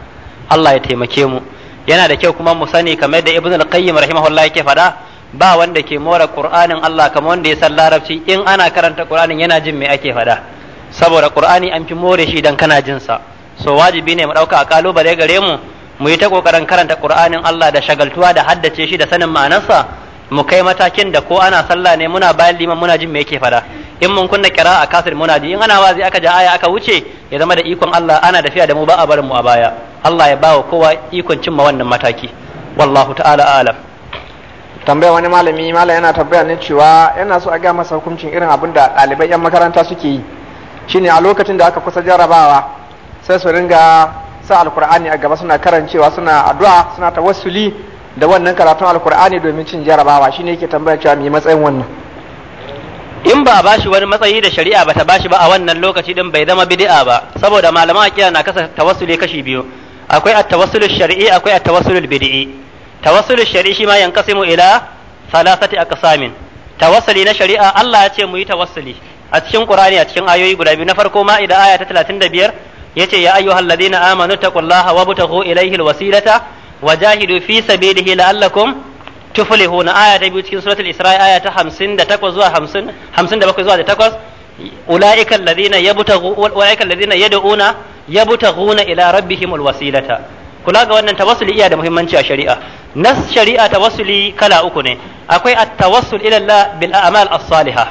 Allah ya taimake mu yana da kyau kuma mu sani kamar da ibn al-qayyim rahimahullah yake fada ba wanda ke more qur'anin Allah kamar wanda ya san larabci in ana karanta qur'anin yana jin me ake fada saboda qur'ani an fi more shi dan kana jin sa so wajibi ne mu dauka a kalubale gare mu mu yi ta kokarin karanta qur'anin Allah da shagaltuwa da haddace shi da sanin ma'anarsa mu kai matakin da ko ana sallah ne muna bayan liman muna jin me yake fada in mun kunna kira a kasir muna ji in ana wazi aka ja aya aka wuce ya zama da ikon Allah ana tafiya da mu ba a barin mu a baya Allah ya bawa kowa ikon cimma wannan mataki wallahu ta'ala alam tambaya wani malami malam yana tambaya ne cewa yana so a ga masa hukuncin irin abin da ɗalibai yan makaranta suke yi shine a lokacin da aka kusa jarabawa, sai su ringa sa alkur'ani a gaba suna karancewa suna addu'a suna tawassuli da wannan karatun alkur'ani domin cin jarabawa, shine yake tambaya cewa me matsayin wannan in ba ba shi wani matsayi da shari'a ba ta ba ba a wannan lokaci din bai zama bid'a ba saboda malaman aqida na kasa tawassuli kashi biyu akwai at-tawassul shar'i akwai at-tawassul bid'i tawassul shar'i shi ma yankasimu ila thalathati aqsamin tawassuli na shari'a Allah ya ce mu yi tawassuli a cikin Qur'ani a cikin ayoyi guda biyu na farko ma'ida aya ta 35 yace ya ayyuhal na amanu taqullaha wabtaghu ilayhi alwasilata wajahidu fi sabilihi la'allakum na aya ta biyu cikin suratul isra'i aya ta 58 zuwa 50 57 zuwa 8 ulaika alladhina yabtaghu ulaika alladhina yad'una yabtaghuna ila rabbihim alwasilata kula ga wannan tawassuli iya da muhimmanci a shari'a nas shari'a tawassuli kala uku ne akwai at-tawassul ila Allah bil a'mal as-salihah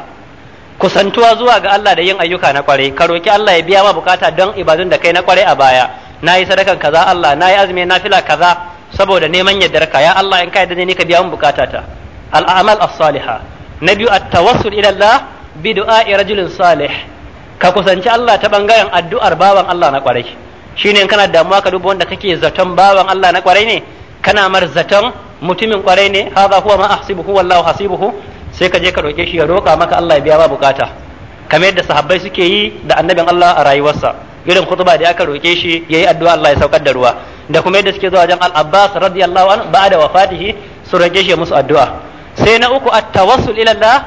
kusantuwa zuwa ga Allah da yin ayyuka na kware ka roki Allah ya biya ma bukata don ibadun da kai na kware a baya nayi sadakan kaza Allah nayi azumi nafila kaza saboda neman yaddarka ya Allah in ka yadda ne ka biya mun bukatata al a'mal as-salihah na biyu at-tawassul ila Allah bi du'a'i rajulin salih ka kusanci Allah ta bangaren addu'ar bawan Allah na kwarai shine kana damuwa ka duba wanda kake zaton bawan Allah na kwarai ne kana mar zaton mutumin kwarai ne hadha huwa ma ahsibuhu wallahu hasibuhu sai ka je ka roke shi ya roka maka Allah ya biya ba bukata kamar yadda sahabbai suke yi da annabin Allah a rayuwarsa irin khutba da aka roke shi yayi addu'a Allah ya saukar da ruwa da kuma yadda suke zuwa wajen al-abbas radiyallahu anhu ba'da wafatihi su rage shi musu addu'a sai na uku at-tawassul ila Allah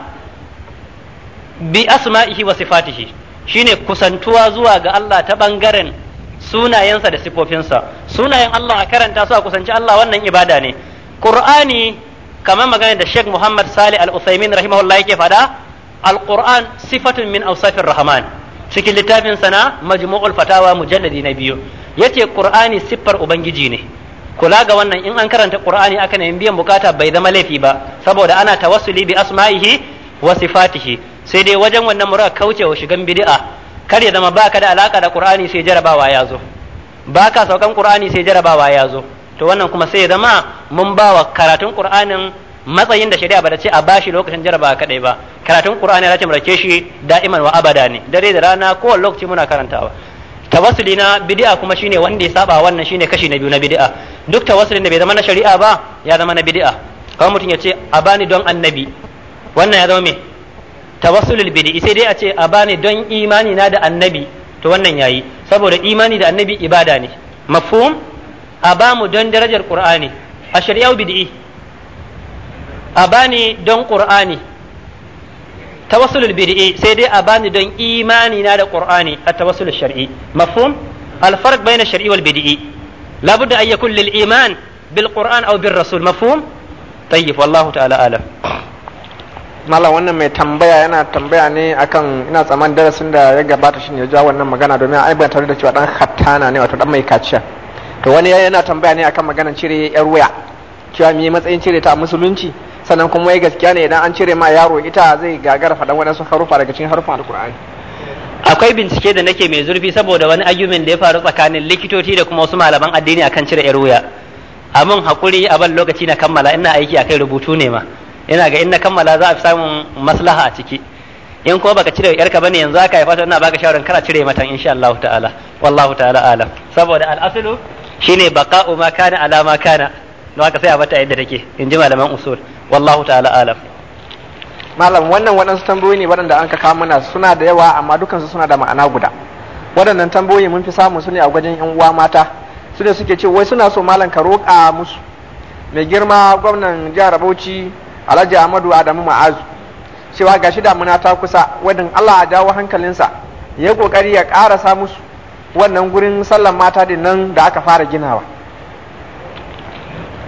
bi asma'ihi wa sifatihi shine kusantuwa zuwa ga Allah ta bangaren sunayensa da sifofinsa sunayen Allah a karanta su a kusanci Allah wannan ibada ne Qur'ani kamar magana da Sheikh Muhammad Salih Al-Utsaimin rahimahullah yake fada Al-Qur'an sifatun min awsafir rahman cikin littafin sana Majmu'ul Fatawa mujalladi na biyu yace qur'ani siffar ubangiji ne kula ga wannan in an karanta qur'ani aka ne biyan bukata bai zama laifi ba saboda ana tawassuli bi asma'ihi wa sifatihi sai dai wajen wannan mura wa shigan bid'a kar ya zama baka da alaka da qur'ani sai jarabawa ya zo baka saukan qur'ani sai jarabawa ya zo to wannan kuma sai ya zama mun ba wa karatun qur'anin matsayin da shari'a ba ce a bashi lokacin jarabawa kadai ba karatun qur'ani ya ce mu rake shi da'iman wa abada ne dare da rana kowane lokaci muna karantawa tawassuli na bid'a kuma shine wanda ya saba wannan shine kashi na biyu na bid'a duk tawassulin da bai zama na shari'a ba ya zama na bid'a kamar mutum ya ce a bani don annabi wannan ya zama me tawassulul bid'i sai dai a ce a bani don imani na da annabi to wannan yayi saboda imani da annabi ibada ne mafhum a ba mu don darajar qur'ani a shari'a bid'i a bani don qur'ani tawassulul bid'i sai dai a bani don imani na da qur'ani a tawassul shar'i mafhum al farq bayna shar'i wal bid'i labudda an yakun lil iman bil qur'an aw bir rasul mafhum tayyib wallahu ta'ala alam Malam wannan mai tambaya yana tambaya ne akan ina tsaman darasin da ya gabata shi ne ya ja wannan magana domin ai ban tare da cewa dan hattana ne wato dan mai kaciya to wani yana tambaya ne akan maganar cire yar waya cewa me matsayin cire ta a musulunci sannan kuma ya gaskiya ne idan an cire ma yaro ita zai gagara faɗan waɗansu harufa daga cikin harufan alkur'ani akwai bincike da nake mai zurfi saboda wani argument da ya faru tsakanin likitoci da kuma wasu malaman addini akan cire yar wuya amin hakuri a ban lokaci na kammala ina aiki akai rubutu ne ma ina ga in na kammala za a fi samun maslaha a ciki in kuma baka cire yarka bane yanzu aka haifa ina baka shawaran kana cire mata insha Allah ta'ala wallahu ta'ala alam saboda al'aslu shine baqa'u ma kana ala ma kana don haka sai a bata yadda take in ji malaman usul wallahu ta'ala alam malam wannan waɗansu tambayoyi ne waɗanda an kawo mana suna da yawa amma dukansu suna da ma'ana guda waɗannan tambayoyi mun fi samun su ne a gwajin yan uwa mata su ne suke ce wai suna so malam ka roƙa musu mai girma gwamnan jihar Bauchi Alhaji Ahmadu Adamu Ma'azu cewa gashi damuna ta kusa wadin Allah a jawo hankalinsa ya kokari ya ƙarasa musu wannan gurin sallan mata din nan da aka fara ginawa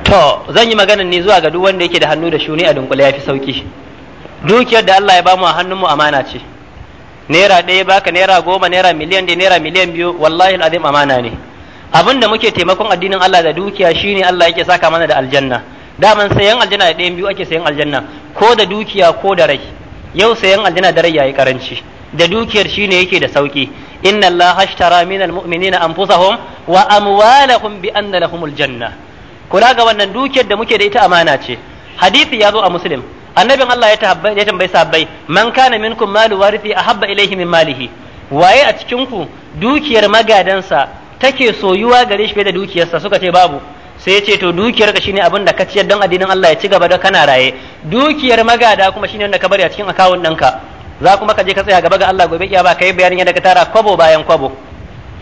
to zan yi magana ne zuwa ga duk wanda yake da hannu da shuni a dunkule ya fi sauki dukiyar da Allah ya bamu a hannunmu amana ce naira ɗaya baka naira goma naira miliyan da naira miliyan biyu wallahi al'adun amana ne abin da muke taimakon addinin Allah da dukiya shine Allah yake saka mana da aljanna daman sayan aljanna da ɗayan biyu ake sayan aljanna ko da dukiya ko da rai yau sayan aljanna da rai yayi karanci da dukiyar shine yake da sauki inna Allah hashtara minal mu'minina anfusahum wa amwalahum bi anna lahumul janna kula ga wannan dukiyar da muke da ita amana ce hadisi ya zo a muslim annabin Allah ya ya tambayi sahabbai man kana minkum malu warithi ahabba ilayhi min malihi waye a cikin ku dukiyar magadansa take soyuwa gare shi da dukiyarsa suka ce babu sai ya ce to dukiyar ka shine abin da ka ciyar don addinin Allah ya ci gaba da kana raye dukiyar magada kuma shine wanda ka bari a cikin akawun ɗinka za kuma ka je ka tsaya gaba ga Allah gobe iya ba kai bayanin yadda ka tara kwabo bayan kwabo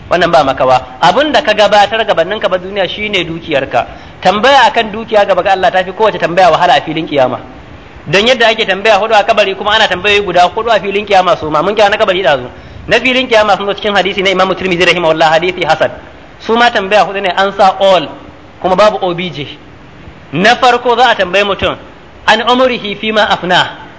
wannan ba makawa abin da ka gabatar gabanin ka ba duniya shine dukiyarka tambaya akan dukiya gaba ga Allah tafi kowace tambaya wahala a filin kiyama dan yadda ake tambaya hudu a kabari kuma ana tambayoyi guda hudu a filin kiyama su ma mun kiyama na kabari dazu na filin kiyama sun zo cikin hadisi na Imam Tirmidhi rahimahullah hadisi hasan su ma tambaya hudu ne an all kuma babu obj na farko za a tambaye mutum an umrihi fima afna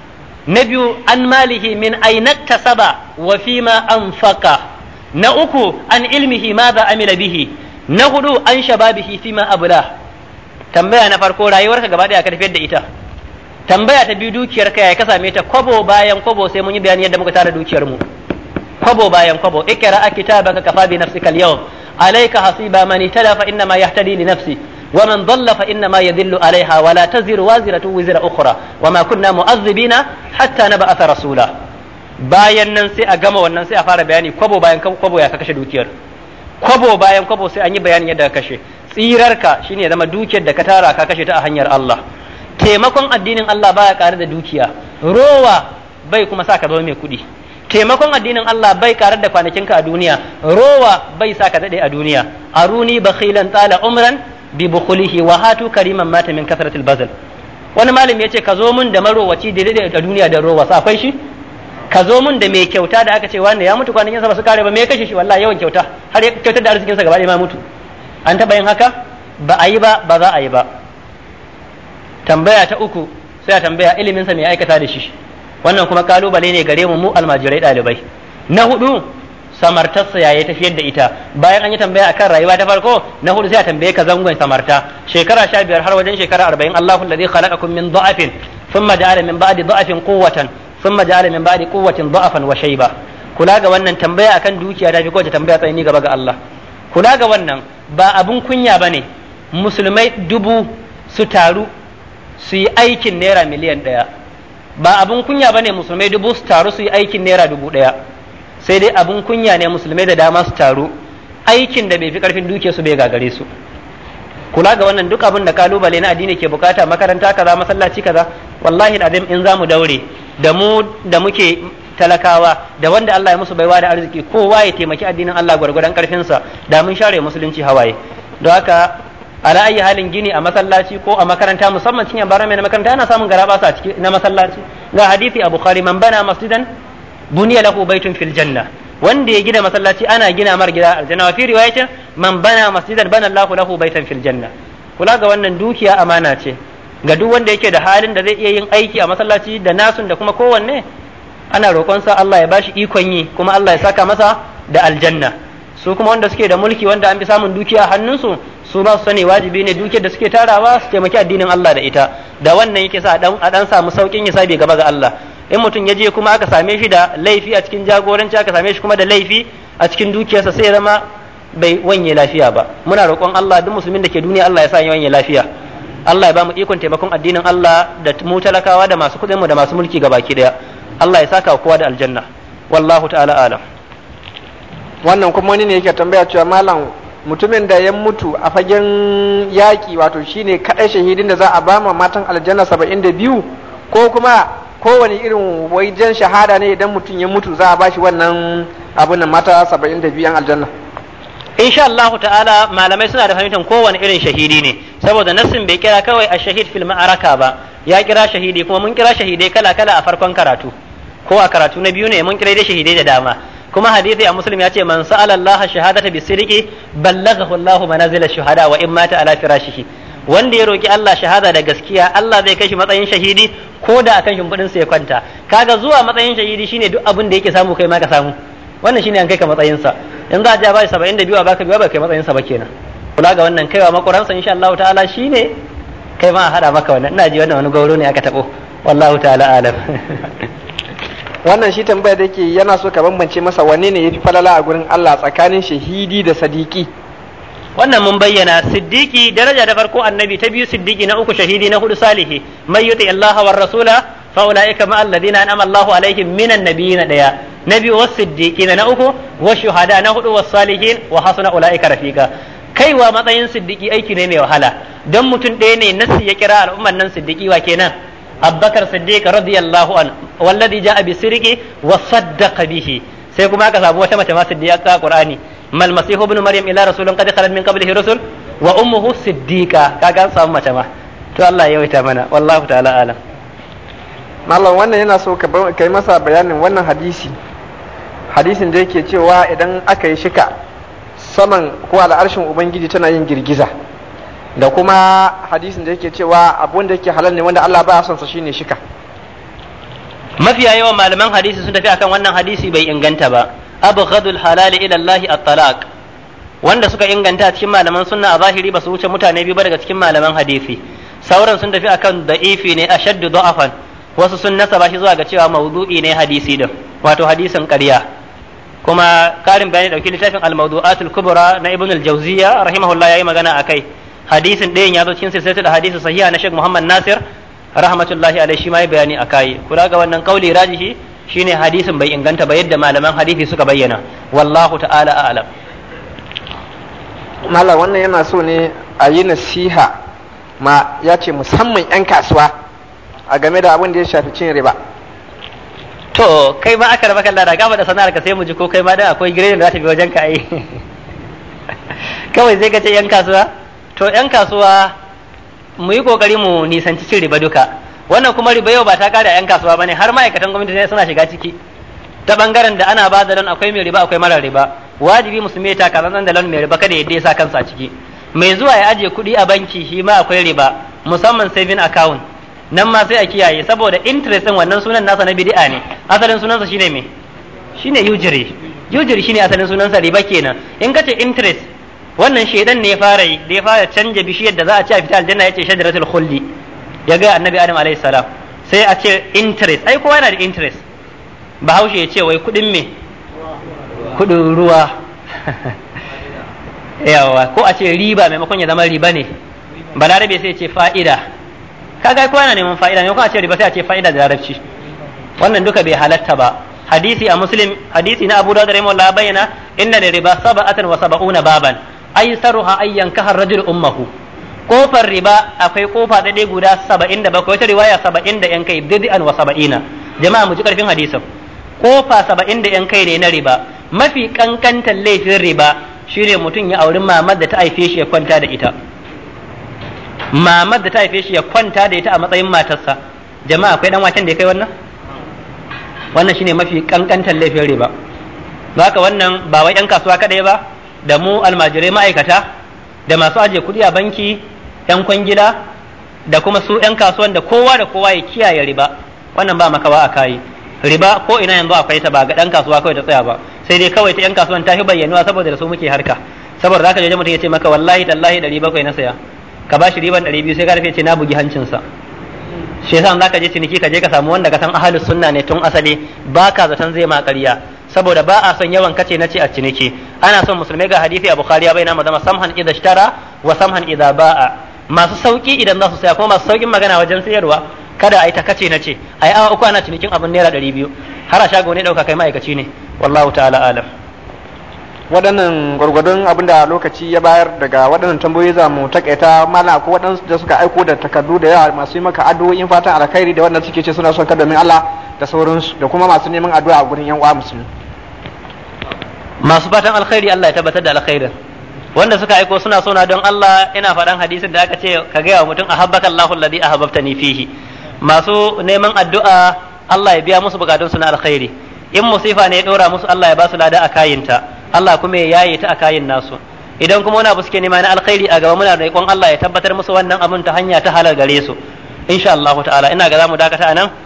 na biyu an malihi min aynat tasaba wa fima anfaqa na uku an ilmihi ma za amila bihi na hudu an shababihi fi ma abula tambaya na farko rayuwarka gaba daya ka tafiyar da ita tambaya ta biyu dukiyar ka ya ka same ta kwabo bayan kwabo sai mun yi bayani yadda muka tara dukiyar mu kwabo bayan kwabo ikra kitabaka kafa bi nafsika al-yawm alayka hasiba man tada fa inna ma yahtadi li nafsi wa man dhalla fa inna ma yadhillu alayha wa la taziru waziratu wizra ukhra wa ma kunna mu'azzibina hatta nab'atha rasula bayan nan sai a gama wannan sai a fara bayani kwabo bayan kwabo ya ka kashe dukiyar kwabo bayan kwabo sai an yi bayanin yadda ka kashe tsirarka shine ya zama dukiyar da ka tara ka kashe ta a hanyar Allah taimakon addinin Allah baya kare da dukiya rowa bai kuma sa ka zama mai kuɗi taimakon addinin Allah bai ƙarar da kwanakin ka a duniya rowa bai sa ka daɗe a duniya aruni bakhilan tsala umran bi bukhulihi wa hatu kariman mata min kasratil bazal wani malami ya ce ka zo mun da marowaci daidai da duniya da rowa sa akwai shi ka zo mun da mai kyauta da aka ce wanda ya mutu kwanakin sa ba su kare ba me kashe shi wallahi yawan kyauta har ya kyautar da arzikin gaba ɗaya ma mutu an taɓa yin haka ba a yi ba ba za a yi ba tambaya ta uku sai a tambaya ilimin sa mai aikata da shi wannan kuma kalubale ne gare mu mu almajirai ɗalibai na hudu samartarsa yaya tafiyar da ita bayan an yi tambaya akan rayuwa ta farko na hudu sai a tambaye ka zangon samarta shekara sha biyar har wajen shekara arba'in Allahu ladhi khalaqakum min dha'fin thumma ja'ala min ba'di dha'fin quwwatan thumma ja'ala min ba'di quwwatin da'afan wa shayba kula ga wannan tambaya akan dukiya ta fi kowace tambaya tsaye gaba ga Allah kula ga wannan ba abun kunya bane musulmai dubu su taru su yi aikin naira miliyan ɗaya ba abun kunya bane musulmai dubu su taru su yi aikin naira dubu ɗaya sai dai abun kunya ne musulmai da dama su taru aikin da bai fi karfin duke su bai gagare su kula ga wannan duk abin da kalubale na addini ke bukata makaranta kaza masallaci kaza wallahi da in za mu daure da mu da muke talakawa da wanda Allah ya musu baiwa da arziki kowa ya taimaki addinin Allah gwargwadon karfinsa da mun share musulunci hawaye don haka ala ayi halin gini a masallaci ko a makaranta musamman cin bara mai na makaranta ana samun garaba sa ciki na masallaci ga hadisi a bukhari man bana masjidan buniya lahu baitun fil janna wanda ya gina masallaci ana gina mar gida aljanna wa fi riwayatin man bana masjidan bana lahu lahu baitan fil janna kula ga wannan dukiya amana ce ga duk wanda yake da halin da zai iya yin aiki a masallaci da nasun da kuma kowanne ana roƙonsa Allah ya bashi ikon yi kuma Allah ya saka masa da aljanna su kuma wanda suke da mulki wanda an bi samun dukiya hannunsu su ba su sani wajibi ne dukiyar da suke tarawa su taimaki addinin Allah da ita da wannan yake sa dan a dan samu saukin hisabi gaba ga Allah in mutum ya je kuma aka same shi da laifi a cikin jagoranci aka same shi kuma da laifi a cikin dukiyarsa sai zama bai wanye lafiya ba muna roƙon Allah duk musulmin da ke duniya Allah ya sa ya wanye lafiya Allah ya ba mu ikon taimakon addinin Allah da mu talakawa da masu kudinmu da masu mulki ga baki daya Allah ya saka kowa da aljanna wallahu ta'ala alam wannan kuma wani ne yake tambaya cewa malam mutumin da ya mutu a fagen yaƙi wato shine kaɗai shahidin da za a bama matan aljanna saba'in da biyu ko kuma kowane irin wajen shahada ne idan mutum ya mutu za a shi wannan abin mata saba'in da biyu aljanna sha Allah ta'ala malamai suna da fahimtar kowane irin shahidi ne saboda nassin bai kira kawai a shahid fil ma'araka ba ya kira shahidi kuma mun kira shahidai kala kala a farkon karatu ko a karatu na biyu ne mun kira dai shahidai da dama kuma hadisi a muslim ya ce man sa'ala Allah shahadata bi sirqi ballaghahu Allah manazil shuhada wa in mata ala firashihi wanda ya roki Allah shahada da gaskiya Allah zai kai shi matsayin shahidi ko da akan shimfiɗin sa ya kwanta kaga zuwa matsayin shahidi shine duk abin da yake samu kai ma ka samu wannan shine an kai ka matsayin sa in za a ja shi saba'in da biyu a baka biyu ba kai matsayinsa ba kenan kula ga wannan kaiwa makuransa insha Allah ta'ala ne. kai ma a hada maka wannan ina ji wannan wani gauro ne aka tabo wallahu ta'ala alam wannan shi tambaya da yake yana so ka bambance masa wanne ne yafi falala a gurin Allah tsakanin shahidi da sadiki wannan mun bayyana siddiki daraja da farko annabi ta biyu siddiki na uku shahidi na hudu salihi mai yuti Allah wa rasula fa ulaika ma alladhina an'ama Allahu alaihim minan nabiyina daya na biyu was siddiqina na uku was shuhada na hudu was salihin wa hasuna ulaika rafiqa kaiwa matsayin siddiqi aiki ne mai wahala don mutum ɗaya ne na siya kira al'ummar nan sidiki wake nan Abubakar Siddiq radiyallahu an wallazi ja'a bi sirqi wa saddaqa bihi sai kuma aka samu wata mace ma siddiqa Qur'ani mal masihu ibn maryam ila rasulun qad khalat min qablihi rusul wa ummuhu siddiqa kaga an samu mace ma to Allah ya yawaita mana wallahu ta'ala alam mallam wannan yana so ka yi masa bayanin wannan hadisi hadisin da yake cewa idan aka yi shika saman ko al'arshin ubangiji tana yin girgiza da kuma hadisin da yake cewa abun da yake halal ne wanda Allah ba son sa shine shika mafiya yawan malaman hadisi sun tafi akan wannan hadisi bai inganta ba abghadul halal ila Allah at-talaq wanda suka inganta cikin malaman sunna a zahiri ba su wuce mutane biyu ba daga cikin malaman hadisi sauran sun tafi akan da'ifi ne ashaddu da'afan wasu sun nasaba shi zuwa ga cewa mawdu'i ne hadisi din wato hadisin ƙarya kuma karin bayani dauki littafin al-mawdu'atul kubra na ibn al-jawziya rahimahullah yayi magana akai hadisin ɗayan ya zo cikin da hadisi sahiha na Sheikh Muhammad Nasir rahmatullahi alaihi shi ma yi bayani akai kula ga wannan kauli rajihi shine hadisin bai inganta ba yadda malaman hadisi suka bayyana wallahu ta'ala a'lam mala wannan yana so ne a yi nasiha ma ya musamman 'yan kasuwa a game da abin da ya shafi cin riba to kai ma aka raba da gaba da sana'ar ka sai mu ji ko kai ma da akwai giredin da za ta bi wajen ka ai kawai zai gace ce yan kasuwa to yan kasuwa mu yi kokari mu nisanci cin riba duka wannan kuma riba yau ba ta kada yan kasuwa bane har ma'aikatan gwamnati ne suna shiga ciki ta bangaren da ana ba da don akwai mai riba akwai mara riba wajibi musulmi ya taka zan da lan mai riba kada ya sa kansa a ciki mai zuwa ya ajiye kuɗi a banki shi ma akwai riba musamman saving account nan ma sai a kiyaye saboda interest din wannan sunan nasa na bid'a ne asalin sunansa shine me shine yujiri yujiri shine asalin sunansa riba kenan in kace interest wannan shedan ne ya fara yi da ya fara canja bishiyar da za a ci a fita aljanna yace shajaratul khuldi ya ga annabi adam alayhi salam sai a ce interest ai kowa yana da interest bahaushe ya ce wai kudin me kudin ruwa yawa ko a ce riba maimakon ya zama riba ne balarabe sai ya ce fa'ida kaga ko yana neman fa'ida ne ko a ce riba sai a ce fa'ida da larabci wannan duka bai halatta ba hadisi a muslim hadisi na abu dawud allah bayyana inna da riba sab'atan wa sab'una baban saruha ayyan har rajul ummahu kofar riba akwai kofa da guda 77 wata riwaya 70 da yan kai bid'an wa sab'ina jama'a mu ji karfin hadisin kofa 70 da yan kai ne na riba mafi kankantan laifin riba shine mutum ya auri mamar da ta haife shi ya kwanta da ita mamar da ta haife shi ya kwanta da ita a matsayin matarsa jama'a akwai dan waken da ya kai wannan wannan shine mafi kankantan laifin riba haka wannan ba wai yan kasuwa kadai ba da mu almajirai ma'aikata da masu ajiye kuɗi a banki yan kwangila da kuma su yan kasuwan da kowa da kowa ya kiyaye riba wannan ba makawa a kayi riba ko ina yanzu akwai ta ba ga dan kasuwa kawai ta tsaya ba sai dai kawai ta yan kasuwan ta fi bayyanuwa saboda da su muke harka saboda zaka je mutum ya ce maka wallahi tallahi 700 na saya ka ba shi riban biyu sai ka rufe ce na bugi hancinsa shi yasa ka je ciniki ka je ka samu wanda ka san ahlus sunna ne tun asali Ba ka zaton zai ma ƙarya saboda ba a son yawan kace na ce a ciniki ana son musulmai ga hadisi a bukhari ya bayyana zama samhan idza ishtara wa samhan idza ba'a masu sauki idan za su saya kuma masu saukin magana wajen sayarwa kada a yi ta kace na ce a yi awa uku ana cinikin abin naira ɗari biyu har a shago ne ɗauka kai ma'aikaci ne wallahu ta'ala alam waɗannan gwargwadon abin da lokaci ya bayar daga waɗannan tambayoyi za mu takaita mala ko waɗansu da suka aiko da takardu da yawa masu yi maka in fatan alkhairi da waɗanda suke ce suna son ka domin Allah da sauransu da kuma masu neman addu'a a gurin yan uwa musulmi masu fatan alkhairi Allah ya tabbatar da alkhairin wanda suka aiko suna sona don Allah ina faɗan hadisin da aka ce ka gaya wa mutum ahabbaka Allahu alladhi ahabbtani fihi masu neman addu'a Allah ya biya musu bukatun na alkhairi in musifa ne ya dora musu Allah ya ba su lada a kayinta Allah kuma ya yi ta a kayan nasu idan kuma wani abu suke nema na alkhairi a gaba muna roƙon Allah ya tabbatar musu wannan abin ta hanya ta halal gare su insha Allah ta'ala ina ga mu dakata a nan.